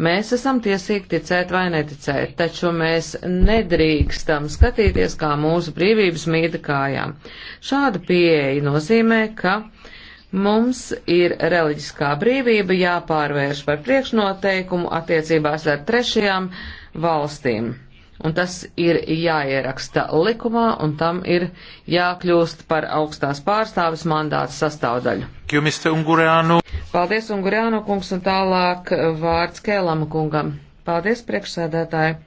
Mēs esam tiesīgi ticēt vai neticēt, taču mēs nedrīkstam skatīties, kā mūsu brīvības mīda kājām. Šāda pieeja nozīmē, ka mums ir reliģiskā brīvība jāpārvērš par priekšnoteikumu attiecībās ar trešajām valstīm un tas ir jāieraksta likumā, un tam ir jākļūst par augstās pārstāvis mandāta sastāvdaļu. Paldies, Ungurēnu kungs, un tālāk vārds Kēlama kungam. Paldies, priekšsēdētāji.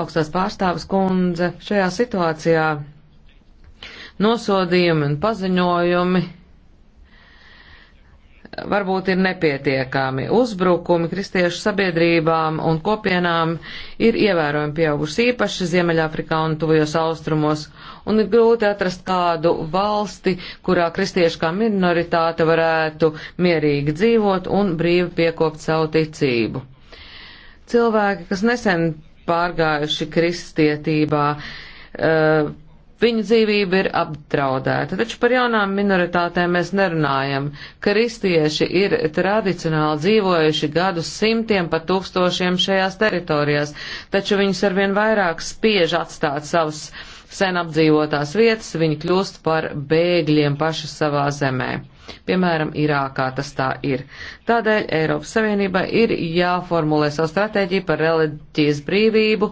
Augstās pārstāvis kundze šajā situācijā nosodījumi un paziņojumi varbūt ir nepietiekami. Uzbrukumi kristiešu sabiedrībām un kopienām ir ievērojami pieauguši īpaši Ziemeļāfrikā un tuvajos austrumos, un ir grūti atrast kādu valsti, kurā kristiešu kā minoritāte varētu mierīgi dzīvot un brīvi piekopt savu ticību. Cilvēki, kas nesen pārgājuši kristietībā, uh, viņu dzīvība ir apdraudēta. Taču par jaunām minoritātēm mēs nerunājam. Kristieši ir tradicionāli dzīvojuši gadu simtiem pat tūkstošiem šajās teritorijās, taču viņus arvien vairāk spiež atstāt savus sen apdzīvotās vietas, viņi kļūst par bēgļiem paši savā zemē. Piemēram, Irākā tas tā ir. Tādēļ Eiropas Savienībai ir jāformulē savu stratēģiju par reliģijas brīvību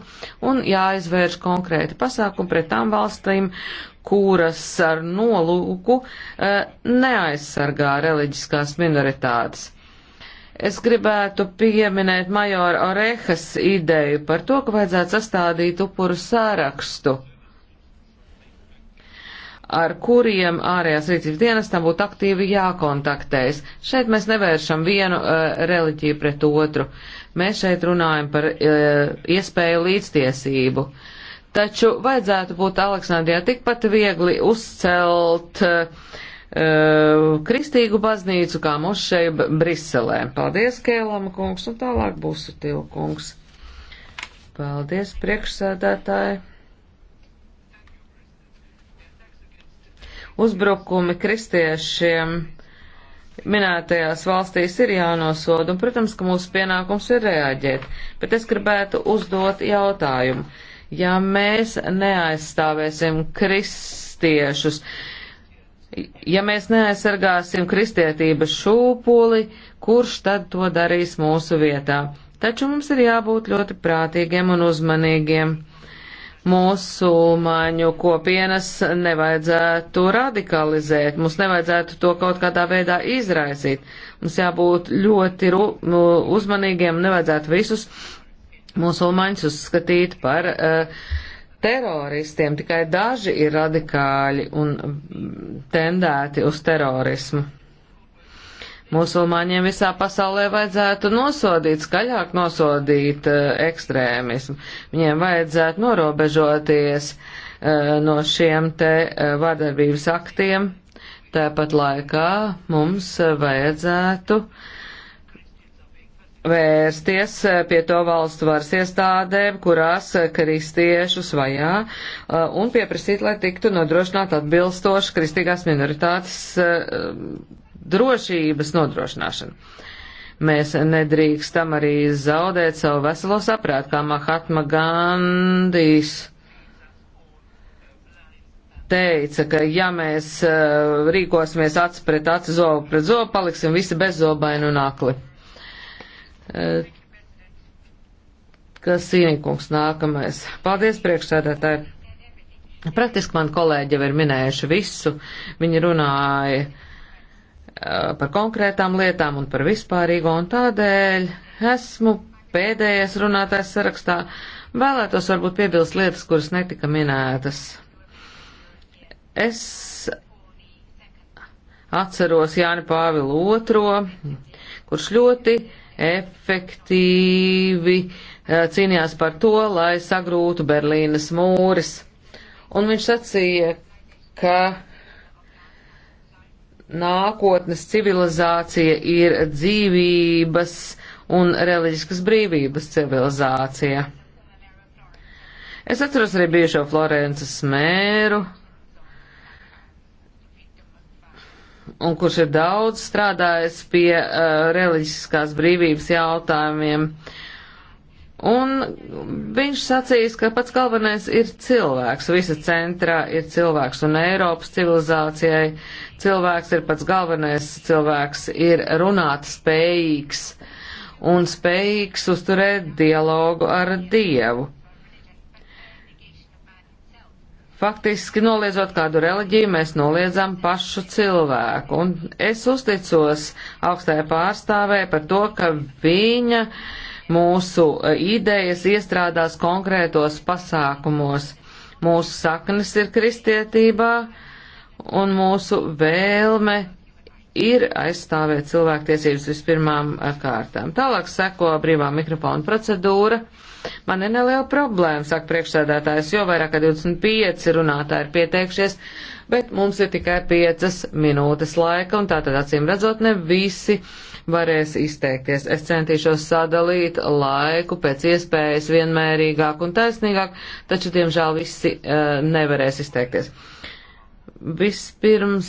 un jāizvērš konkrēti pasākumi pret tām valstīm, kuras ar nolūku eh, neaizsargā reliģiskās minoritātes. Es gribētu pieminēt majora Orehas ideju par to, ka vajadzētu sastādīt upuru sārakstu ar kuriem ārējās rīcības dienestam būtu aktīvi jākontaktējas. Šeit mēs nevēršam vienu uh, reliģiju pret otru. Mēs šeit runājam par uh, iespēju līdztiesību. Taču vajadzētu būt Aleksandrijā tikpat viegli uzcelt uh, uh kristīgu baznīcu, kā mums šeit Briselē. Paldies, Kēlama kungs, un tālāk būs Tilkungs. Paldies, priekšsēdētāji. Uzbrukumi kristiešiem minētajās valstīs ir jānosoda, un, protams, ka mūsu pienākums ir reaģēt, bet es gribētu uzdot jautājumu. Ja mēs neaizstāvēsim kristiešus, ja mēs neaizsargāsim kristietības šūpuli, kurš tad to darīs mūsu vietā? Taču mums ir jābūt ļoti prātīgiem un uzmanīgiem musulmaņu kopienas nevajadzētu radikalizēt, mums nevajadzētu to kaut kādā veidā izraisīt. Mums jābūt ļoti nu, uzmanīgiem, nevajadzētu visus musulmaņus uzskatīt par uh, teroristiem, tikai daži ir radikāļi un tendēti uz terorismu. Musulmaņiem visā pasaulē vajadzētu nosodīt, skaļāk nosodīt uh, ekstrēmismu. Viņiem vajadzētu norobežoties uh, no šiem te uh, vardarbības aktiem. Tāpat laikā mums vajadzētu vērsties pie to valstu varas iestādēm, kurās kristiešus vajā, un pieprasīt, lai tiktu nodrošināt atbilstoši kristīgās minoritātes drošības nodrošināšanu. Mēs nedrīkstam arī zaudēt savu veselo saprātu, kā Mahatma Gandijs teica, ka ja mēs uh, rīkosimies acis pret aci, zobu pret zobu, paliksim visi bezzobaini un akli. Uh, kas īnīkums nākamais? Paldies priekšsēdētāji. Praktiski man kolēģi jau ir minējuši visu. Viņi runāja Eh, par konkrētām lietām un par vispārīgo, un tādēļ esmu pēdējais runātājs sarakstā. Vēlētos varbūt piebilst lietas, kuras netika minētas. Es atceros Jāni Pāvilu II, kurš ļoti efektīvi eh, cīnījās par to, lai sagrūtu Berlīnas mūris. Un viņš sacīja, ka nākotnes civilizācija ir dzīvības un reliģiskas brīvības civilizācija. Es atceros arī bijušo Florences mēru, un kurš ir daudz strādājis pie uh, reliģiskās brīvības jautājumiem. Uh, Un viņš sacīs, ka pats galvenais ir cilvēks. Visa centrā ir cilvēks un Eiropas civilizācijai cilvēks ir pats galvenais. Cilvēks ir runāt spējīgs un spējīgs uzturēt dialogu ar Dievu. Faktiski noliedzot kādu reliģiju, mēs noliedzam pašu cilvēku. Un es uzticos augstajai pārstāvē par to, ka viņa uh, mūsu e, idejas iestrādās konkrētos pasākumos. Mūsu saknes ir kristietībā un mūsu vēlme ir aizstāvēt cilvēktiesības vispirmām e, kārtām. Tālāk seko brīvā mikrofona procedūra. Man ir neliela problēma, saka priekšsēdētājs, jo vairāk kā 25 runātāji ir pieteikšies, bet mums ir tikai 5 minūtes laika, un tātad acīm redzot ne visi varēs izteikties. Es centīšos sadalīt laiku pēc iespējas vienmērīgāk un taisnīgāk, taču, diemžēl, visi uh, nevarēs izteikties. Vispirms,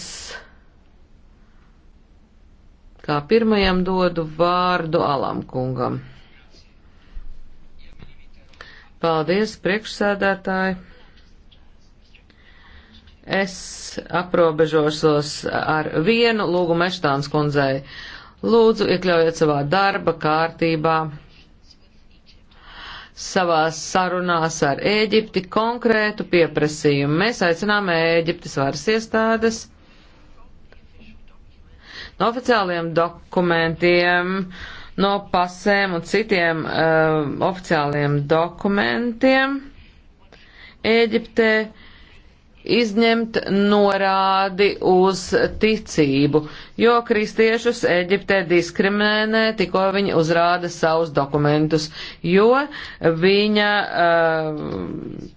kā pirmajam dodu vārdu Alam kungam. Paldies, priekšsēdētāji! Es aprobežošos ar vienu lūgumu Eštāns kundzei. Uh, Lūdzu, iekļaujiet savā darba kārtībā, savās sarunās ar Ēģipti konkrētu pieprasījumu. Mēs aicinām Ēģiptes varas iestādes no oficiāliem dokumentiem, no pasēm un citiem uh, oficiāliem dokumentiem Ēģiptē izņemt norādi uz ticību, jo kristiešus Eģiptē diskriminē, tikko viņi uzrāda savus dokumentus, jo viņa uh,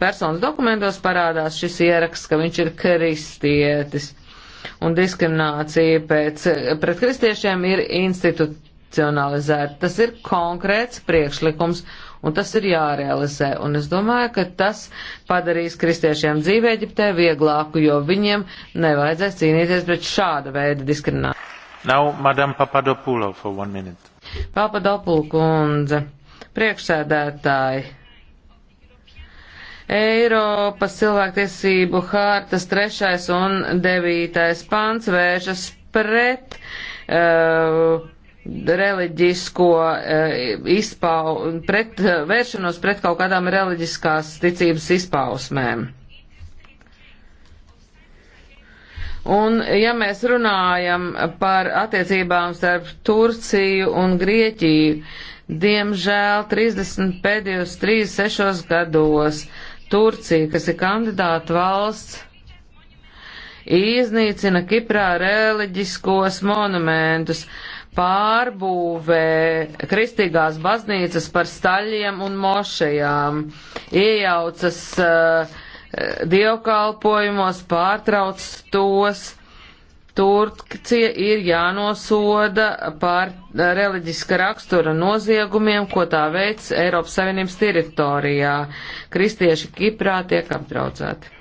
personas dokumentos parādās šis ieraksts, ka viņš ir kristietis. Un diskriminācija pēc, pret kristiešiem ir institucionalizēta. Tas ir konkrēts priekšlikums un tas ir jārealizē. Un es domāju, ka tas padarīs kristiešiem dzīve Eģiptē vieglāku, jo viņiem nevajadzēs cīnīties pret šāda veida diskrimināciju. Now, Madam Papadopoulou for one minute. Papadopoulou kundze, priekšsēdētāji. Eiropas cilvēktiesību hārtas trešais un devītais pants vēršas pret uh, reliģisko eh, izpau, pret, eh, vēršanos pret kaut kādām reliģiskās ticības izpausmēm. Un, ja mēs runājam par attiecībām starp Turciju un Grieķiju, diemžēl 30 pēdējos 36 gados Turcija, kas ir kandidāta valsts, iznīcina Kiprā reliģiskos monumentus, uh, pārbūvē kristīgās baznīcas par staļiem un mošajām, iejaucas uh, dievkalpojumos, pārtrauc tos. Turcija ir jānosoda par eh, reliģiska rakstura noziegumiem, ko tā veic Eiropas Savienības teritorijā. Kristieši Kiprā tiek apdraudzēti.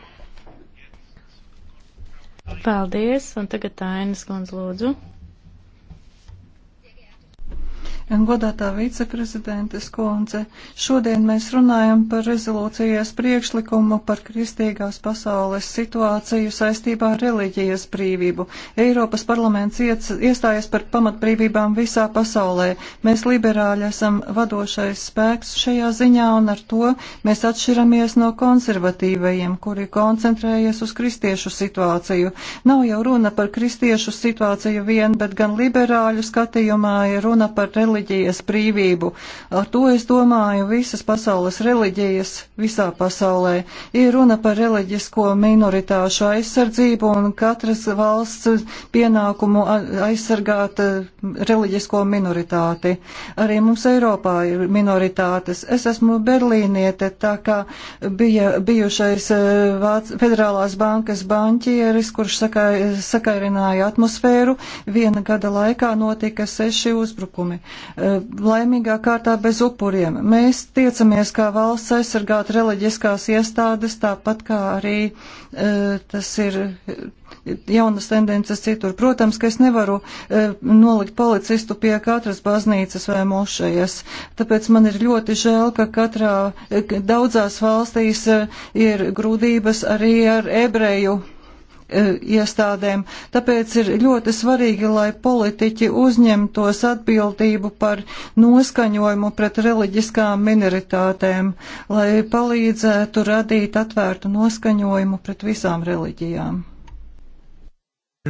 Paldies, un tagad Ainas Gonz lūdzu. Godātā viceprezidentes kundze, šodien mēs runājam par rezolūcijas priekšlikumu par kristīgās pasaules situāciju saistībā ar reliģijas brīvību. Eiropas parlaments iestājas par pamatbrīvībām visā pasaulē. Mēs liberāļi esam vadošais spēks šajā ziņā un ar to mēs atšķiramies no konservatīvajiem, kuri koncentrējas uz kristiešu situāciju. Nav jau runa par kristiešu situāciju vien, bet gan liberāļu skatījumā ir runa par reliģiju reliģijas brīvību. Ar to es domāju visas pasaules reliģijas visā pasaulē. Ir runa par reliģisko minoritāšu aizsardzību un katras valsts pienākumu aizsargāt eh, reliģisko minoritāti. Arī mums Eiropā ir minoritātes. Es esmu berlīniete, tā kā bija bijušais eh, Vāc federālās bankas banķieris, kurš sakai, sakairināja atmosfēru. Viena gada laikā notika seši uzbrukumi. Eh, laimīgā kārtā bez upuriem. Mēs tiecamies kā valsts aizsargāt reliģiskās iestādes, tāpat kā arī eh, tas ir jaunas tendences citur. Protams, ka es nevaru e, nolikt policistu pie katras baznīcas vai mošajas, tāpēc man ir ļoti žēl, ka katrā, e, daudzās valstīs e, ir grūtības arī ar ebreju E, iestādēm. Tāpēc ir ļoti svarīgi, lai politiķi uzņemtos atbildību par noskaņojumu pret reliģiskām minoritātēm, lai palīdzētu radīt atvērtu noskaņojumu pret visām reliģijām.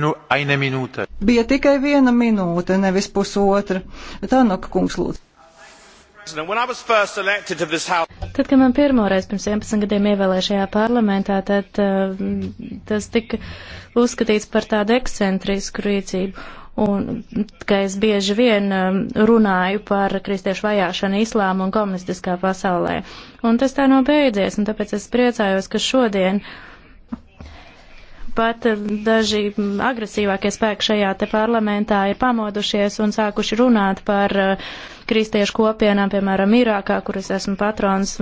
Nu, aina minūte. Bija tikai viena minūte, nevis pusotra. Tā nāk, kungs, lūdzu. Tad, kad man pirmoreiz pirms 11 gadiem ievēlēja šajā parlamentā, tad uh, tas tika uzskatīts par tādu ekscentrisku rīcību. Un, ka es bieži vien um, runāju par kristiešu vajāšanu islāmu un komunistiskā pasaulē. Un tas tā nav beidzies, un tāpēc es priecājos, ka šodien uh, pat daži agresīvākie spēki šajā te parlamentā ir pamodušies un sākuši runāt par eh, kristiešu kopienām, piemēram, Irākā, kur es esmu patrons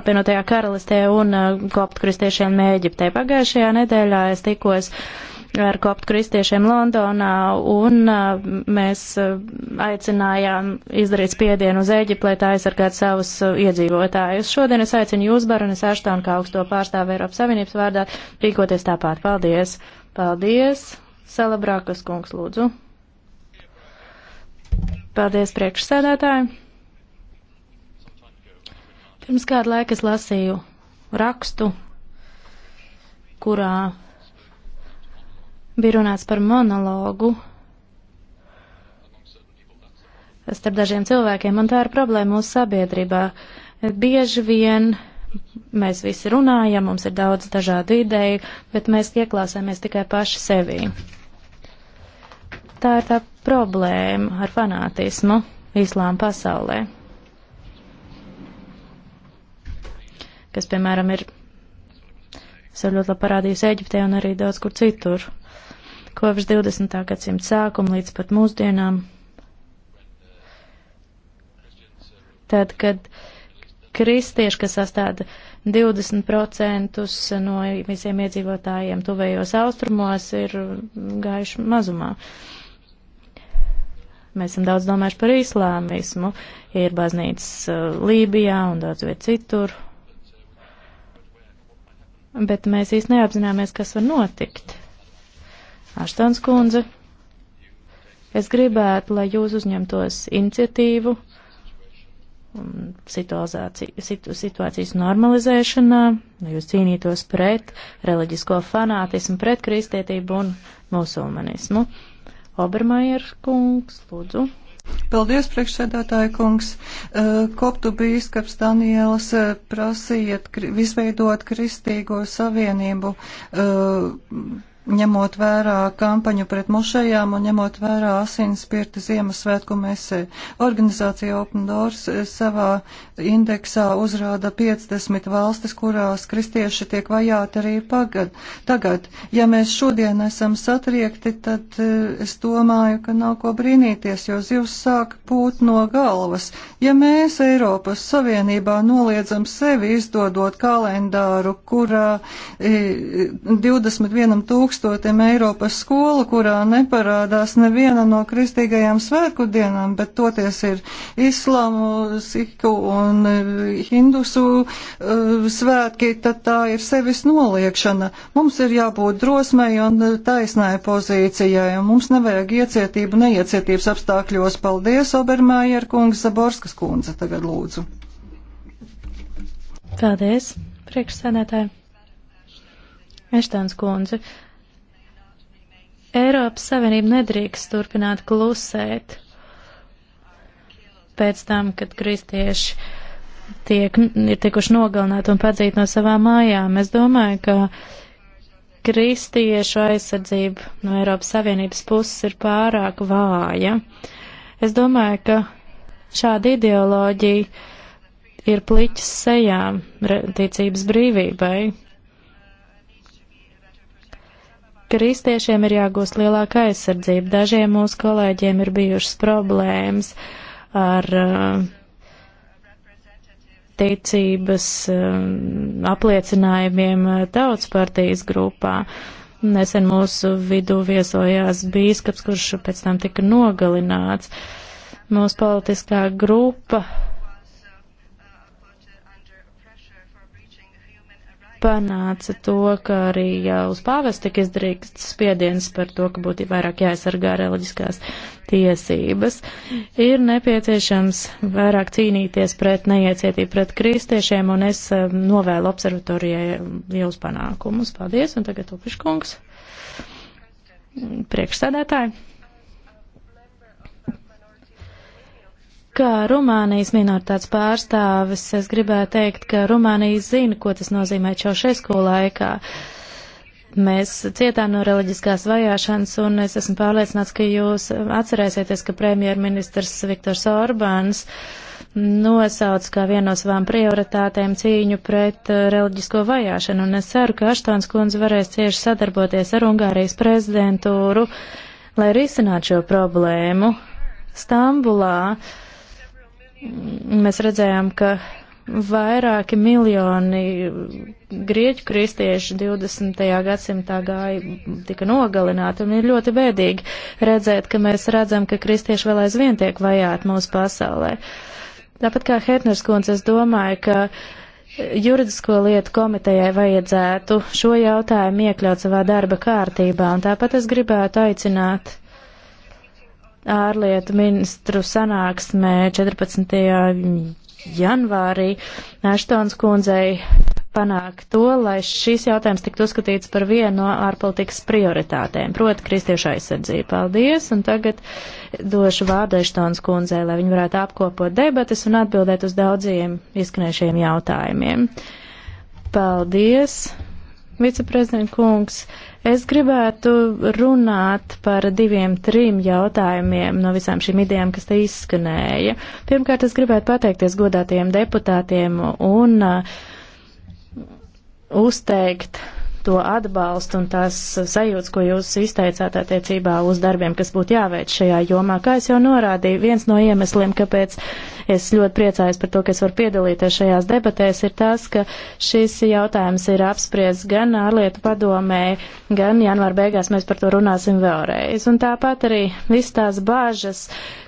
apvienotajā karalistē un eh, koptu kristiešiem Ēģiptē. Pagājušajā nedēļā es tikos uh, ar koptu kristiešiem Londonā, un mēs aicinājām izdarīt spiedienu uz Eģiptu, lai tā aizsargātu savus iedzīvotājus. Šodien es aicinu jūs, Baronis Ashton, kā augsto pārstāvu Eiropas Savienības vārdā, rīkoties tāpat. Paldies! Paldies! Salabrākas kungs, lūdzu! Paldies priekšsēdētāji! Pirms kādu laiku es lasīju rakstu, kurā bija runāts par monologu starp dažiem cilvēkiem, un tā ir problēma mūsu sabiedrībā. Bieži vien mēs visi runājam, mums ir daudz dažādu ideju, bet mēs ieklausāmies tikai paši sevī. Tā ir tā problēma ar fanātismu islām pasaulē, kas, piemēram, ir sev ļoti labi parādījusi Eģiptē un arī daudz kur citur kopš 20. gadsimta sākuma līdz pat mūsdienām. Tad, kad kristieši, kas sastāda 20% no visiem iedzīvotājiem tuvējos austrumos, ir gājuši mazumā. Mēs esam daudz domājuši par islāmismu. Ir baznīcas uh, Lībijā un daudz viet citur. Bet mēs īsti neapzināmies, kas var notikt. Aštons kundze, es gribētu, lai jūs uzņemtos iniciatīvu situācijas normalizēšanā, lai jūs cīnītos pret reliģisko fanātismu, pret kristietību un musulmanismu. Obermajer kungs, lūdzu. Paldies, priekšsēdētāja kungs. Uh, koptu bīskaps Daniels uh, prasiet izveidot kristīgo savienību uh, ņemot vērā kampaņu pret mušajām un ņemot vērā asinspirta Ziemassvētku mesē. Organizācija Open Doors eh, savā indeksā uzrāda 50 valstis, kurās kristieši tiek vajāti arī pagad. tagad. Ja mēs šodien esam satriekti, tad eh, es domāju, ka nav ko brīnīties, jo zivs sāk pūt no galvas. Ja mēs Eiropas Savienībā noliedzam sevi izdodot kalendāru, kurā 21 eh, tūkstoši tūkstotim Eiropas skolu, kurā neparādās neviena no kristīgajām svētku dienām, bet toties ir islāmu, siku un eh, hindusu uh, svētki, tad tā ir sevis noliekšana. Mums ir jābūt drosmei un taisnai pozīcijai, un mums nevajag iecietību neiecietības apstākļos. Paldies, Obermājer kungs, Zaborskas kundze, tagad lūdzu. Paldies, priekšsēdētāji. Eštāns kundze, Eiropas Savienība nedrīkst turpināt klusēt pēc tam, kad kristieši tiek, ir tikuši nogalināti un padzīti no savām mājām. Es domāju, ka kristiešu aizsardzība no Eiropas Savienības puses ir pārāk vāja. Es domāju, ka šāda ideoloģija ir pliķis sejām ticības brīvībai. kristiešiem ir jāgūst lielāka aizsardzība. Dažiem mūsu kolēģiem ir bijušas problēmas ar uh, ticības um, apliecinājumiem uh, tautas partijas grupā. Nesen mūsu vidū viesojās bīskaps, kurš pēc tam tika nogalināts. Mūsu politiskā grupa panāca to, ka arī uz pāvestu tika izdarīts spiediens par to, ka būtu vairāk jāaizsargā reliģiskās tiesības. Ir nepieciešams vairāk cīnīties pret neiecietību pret kristiešiem, un es um, novēlu observatorijai lielus panākumus. Paldies, un tagad Upiškungs. Priekšsēdētāji. Kā Rumānijas minoritātes pārstāvis, es gribēju teikt, ka Rumānija zina, ko tas nozīmē Čaušesku laikā. Mēs cietām no reliģiskās vajāšanas, un es esmu pārliecināts, ka jūs atcerēsieties, ka premjerministrs Viktors Orbāns nosauc kā vienu no savām prioritātēm cīņu pret uh, reliģisko vajāšanu, un es ceru, ka Aštons kundze varēs cieši sadarboties ar Ungārijas prezidentūru, lai risinātu šo problēmu. Stambulā uh, Mēs redzējām, ka vairāki miljoni grieķu kristieši 20. gadsimtā gāja, tika nogalināti, un ir ļoti bēdīgi redzēt, ka mēs redzam, ka kristieši vēl aizvien tiek vajāti mūsu pasaulē. Tāpat kā Hetners kundze, es domāju, ka juridisko lietu komitejai vajadzētu šo jautājumu iekļaut savā darba kārtībā, un tāpat es gribētu aicināt ārlietu ministru sanāksmē 14. janvārī Ashtons kundzei panāk to, lai šis jautājums tiktu uzskatīts par vienu no ārpolitikas prioritātēm, proti kristiešu aizsardzību. Paldies, un tagad došu vārdu Ashtons kundzei, lai viņi varētu apkopot debatas un atbildēt uz daudziem izskanējušiem jautājumiem. Paldies! Viceprezident kungs, es gribētu runāt par diviem, trim jautājumiem no visām šīm idejām, kas te izskanēja. Pirmkārt, es gribētu pateikties godātajiem deputātiem un uh, uzteikt uh, to atbalstu un tās sajūtas, ko jūs izteicāt attiecībā uz darbiem, kas būtu jāveic šajā jomā. Kā es jau norādīju, viens no iemesliem, kāpēc es ļoti priecājos par to, ka es varu piedalīties šajās debatēs, ir tas, ka šis jautājums ir apspriests gan ārlietu padomē, gan janvāra beigās mēs par to runāsim vēlreiz. Un tāpat arī visas tās bāžas,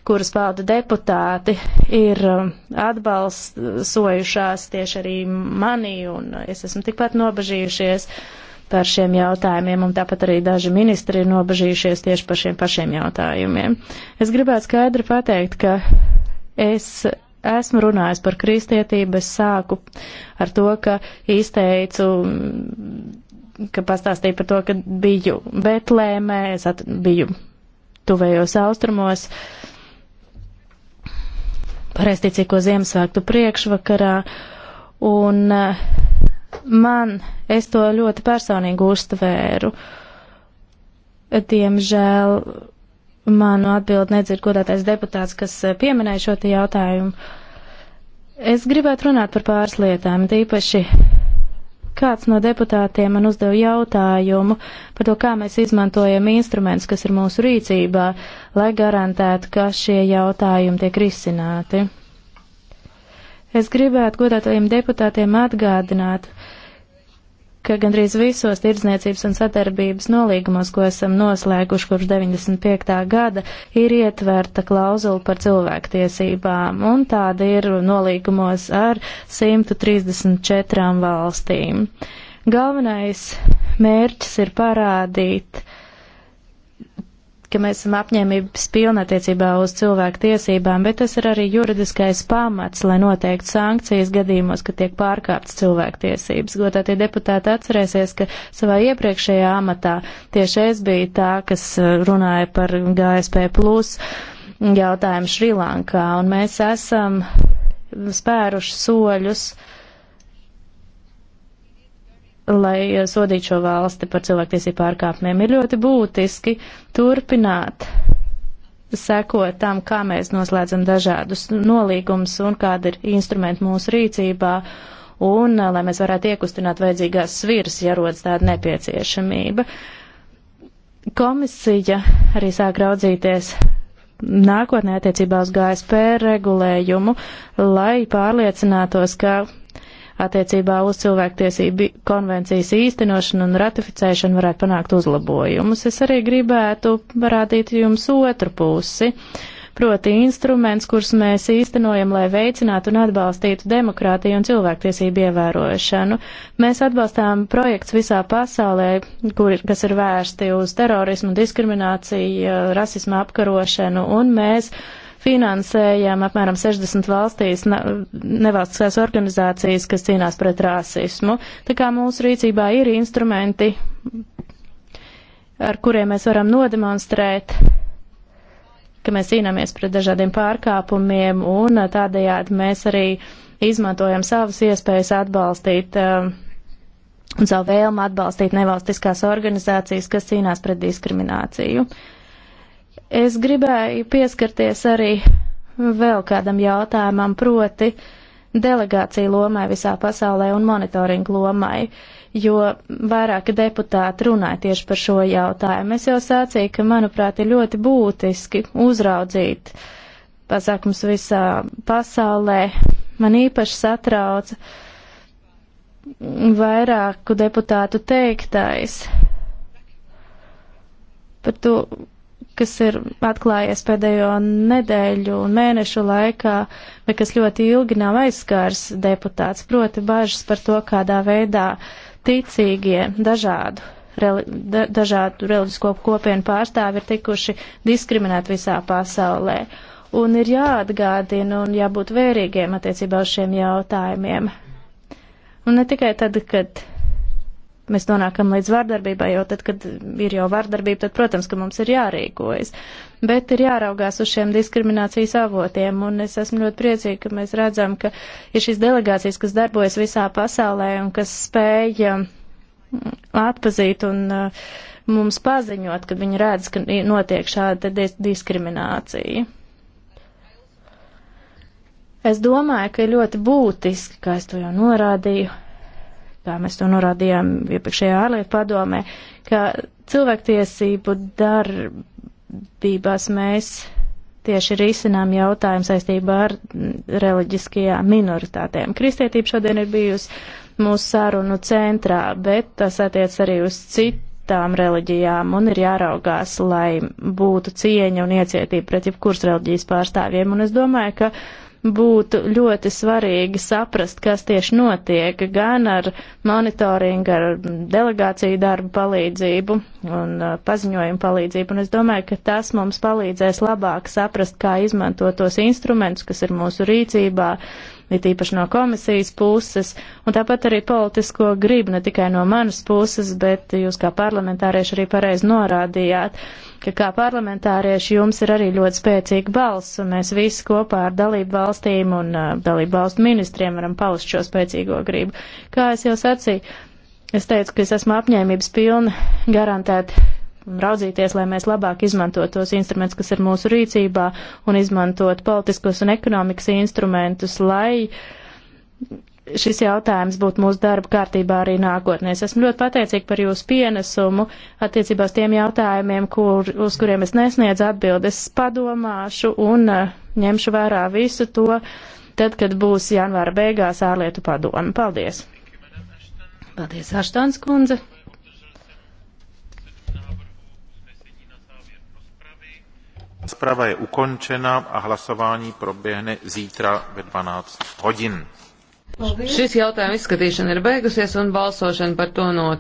kuras pauda deputāti, ir um, atbalstojušās tieši arī mani, un es esmu tikpat nobažījušies. Uh, par šiem jautājumiem, un tāpat arī daži ministri ir nobežījušies tieši par šiem pašiem jautājumiem. Es gribētu skaidri pateikt, ka es esmu runājis par kristietību, es sāku ar to, ka izteicu ka pastāstīja par to, ka biju Betlēmē, es at, biju tuvējos austrumos, pareizticīgo Ziemassvētku priekšvakarā, un uh, man, es to ļoti personīgi uztvēru. Diemžēl manu atbildi nedzird godātais deputāts, kas eh, pieminēja šo te jautājumu. Es gribētu runāt par pāris lietām, tīpaši kāds no deputātiem man uzdeva jautājumu par to, kā mēs izmantojam instrumentus, kas ir mūsu rīcībā, lai garantētu, ka šie jautājumi tiek risināti. Es gribētu godātajiem deputātiem atgādināt, uh, ka gandrīz visos tirdzniecības un sadarbības nolīgumos, ko esam noslēguši kopš 95. gada, ir ietverta klauzula par cilvēktiesībām, un tāda ir nolīgumos ar 134 valstīm. Galvenais mērķis ir parādīt, uh, ka mēs esam apņēmības pilni attiecībā uz cilvēku tiesībām, bet tas ir arī juridiskais pamats, lai noteiktu sankcijas gadījumos, ka tiek pārkāptas cilvēku tiesības. Godātie deputāti atcerēsies, ka savā iepriekšējā amatā tieši es biju tā, kas uh, runāja par GSP plus jautājumu Šrilankā, un mēs esam spēruši soļus uh, lai eh, sodītu šo valsti par cilvēktiesību pārkāpumiem, ir ļoti būtiski turpināt sekot tam, kā mēs noslēdzam dažādus nolīgumus un kāda ir instrumenti mūsu rīcībā, un eh, lai mēs varētu iekustināt vajadzīgās sviras, ja rodas tāda nepieciešamība. Komisija arī sāk raudzīties nākotnē attiecībā uz GSP regulējumu, lai pārliecinātos, ka attiecībā uz cilvēktiesību konvencijas īstenošanu un ratificēšanu varētu panākt uzlabojumus. Es arī gribētu parādīt jums otru pusi, proti instruments, kurus mēs īstenojam, lai veicinātu un atbalstītu demokrātiju un cilvēktiesību ievērošanu. Mēs atbalstām projekts visā pasaulē, kur, kas ir vērsti uz terorismu, diskrimināciju, rasismu apkarošanu, un mēs finansējam apmēram 60 valstīs nevalstiskās organizācijas, kas cīnās pret rasismu. Tā kā mūsu rīcībā ir instrumenti, ar kuriem mēs varam nodemonstrēt, ka mēs cīnāmies pret dažādiem pārkāpumiem un tādējādi mēs arī izmantojam savas iespējas atbalstīt uh, un savu vēlmu atbalstīt nevalstiskās organizācijas, kas cīnās pret diskrimināciju. Uh, Es gribēju pieskarties arī vēl kādam jautājumam, proti delegāciju lomai visā pasaulē un monitoringu lomai, jo vairāki deputāti runāja tieši par šo jautājumu. Es jau sācīju, ka, manuprāt, ir ļoti būtiski uzraudzīt pasākums visā pasaulē. Man īpaši satrauca vairāku deputātu teiktais par to, kas ir atklājies pēdējo nedēļu un mēnešu laikā, bet kas ļoti ilgi nav aizskārs deputāts, proti bažas par to, kādā veidā ticīgie dažādu, reli, da, dažādu reliģisko kopienu pārstāvi ir tikuši diskriminēti visā pasaulē. Un ir jāatgādina un jābūt vērīgiem attiecībā uz šiem jautājumiem. Un ne tikai tad, kad mēs nonākam līdz vardarbībai, jo tad, kad ir jau vardarbība, tad, protams, ka mums ir jārīkojas. Bet ir jāraugās uz šiem diskriminācijas avotiem, un es esmu ļoti priecīga, ka mēs redzam, ka ir šīs delegācijas, kas darbojas visā pasaulē un kas spēja um, atpazīt un uh, mums paziņot, kad viņi redz, ka notiek šāda diskriminācija. Es domāju, ka ļoti būtiski, kā es to jau norādīju, kā mēs to norādījām iepriekšējā ārlietu padomē, ka cilvēktiesību darbībās mēs tieši risinām jautājumu saistībā ar reliģiskajām minoritātēm. Kristietība šodien ir bijusi mūsu sarunu centrā, bet tas attiec arī uz citām reliģijām un ir jāraugās, lai būtu cieņa un iecietība pret jebkuras reliģijas pārstāvjiem. Un es domāju, ka uh, būtu ļoti svarīgi saprast, kas tieši notiek, gan ar monitoringu, ar delegāciju darbu palīdzību un uh, paziņojumu palīdzību. Un es domāju, ka tas mums palīdzēs labāk saprast, kā izmantot tos instrumentus, kas ir mūsu rīcībā, it īpaši no komisijas puses, un tāpat arī politisko gribu ne tikai no manas puses, bet jūs kā parlamentārieši arī pareizi norādījāt ka kā parlamentārieši jums ir arī ļoti spēcīga balss, un mēs visi kopā ar dalību valstīm un uh, dalību valstu ministriem varam paust šo spēcīgo gribu. Kā es jau sacīju, es teicu, ka es esmu apņēmības pilna garantēt un raudzīties, lai mēs labāk izmantot tos instrumentus, kas ir mūsu rīcībā, un izmantot politiskos un ekonomikas instrumentus, lai šis jautājums būtu mūsu darba kārtībā arī nākotnē. Es esmu ļoti pateicīga par jūsu pienesumu attiecībā uz tiem jautājumiem, kur, uz kuriem es nesniedzu atbildes. Es padomāšu un uh, ņemšu vērā visu to, tad, kad būs janvāra beigās ārlietu padoma. Paldies! Paldies, Aštons kundze! Zpráva je ukončena a hlasování proběhne zítra ve 12 hodin. Paldies. Šis jautājums izskatīšana ir beigusies un balsošana par to not.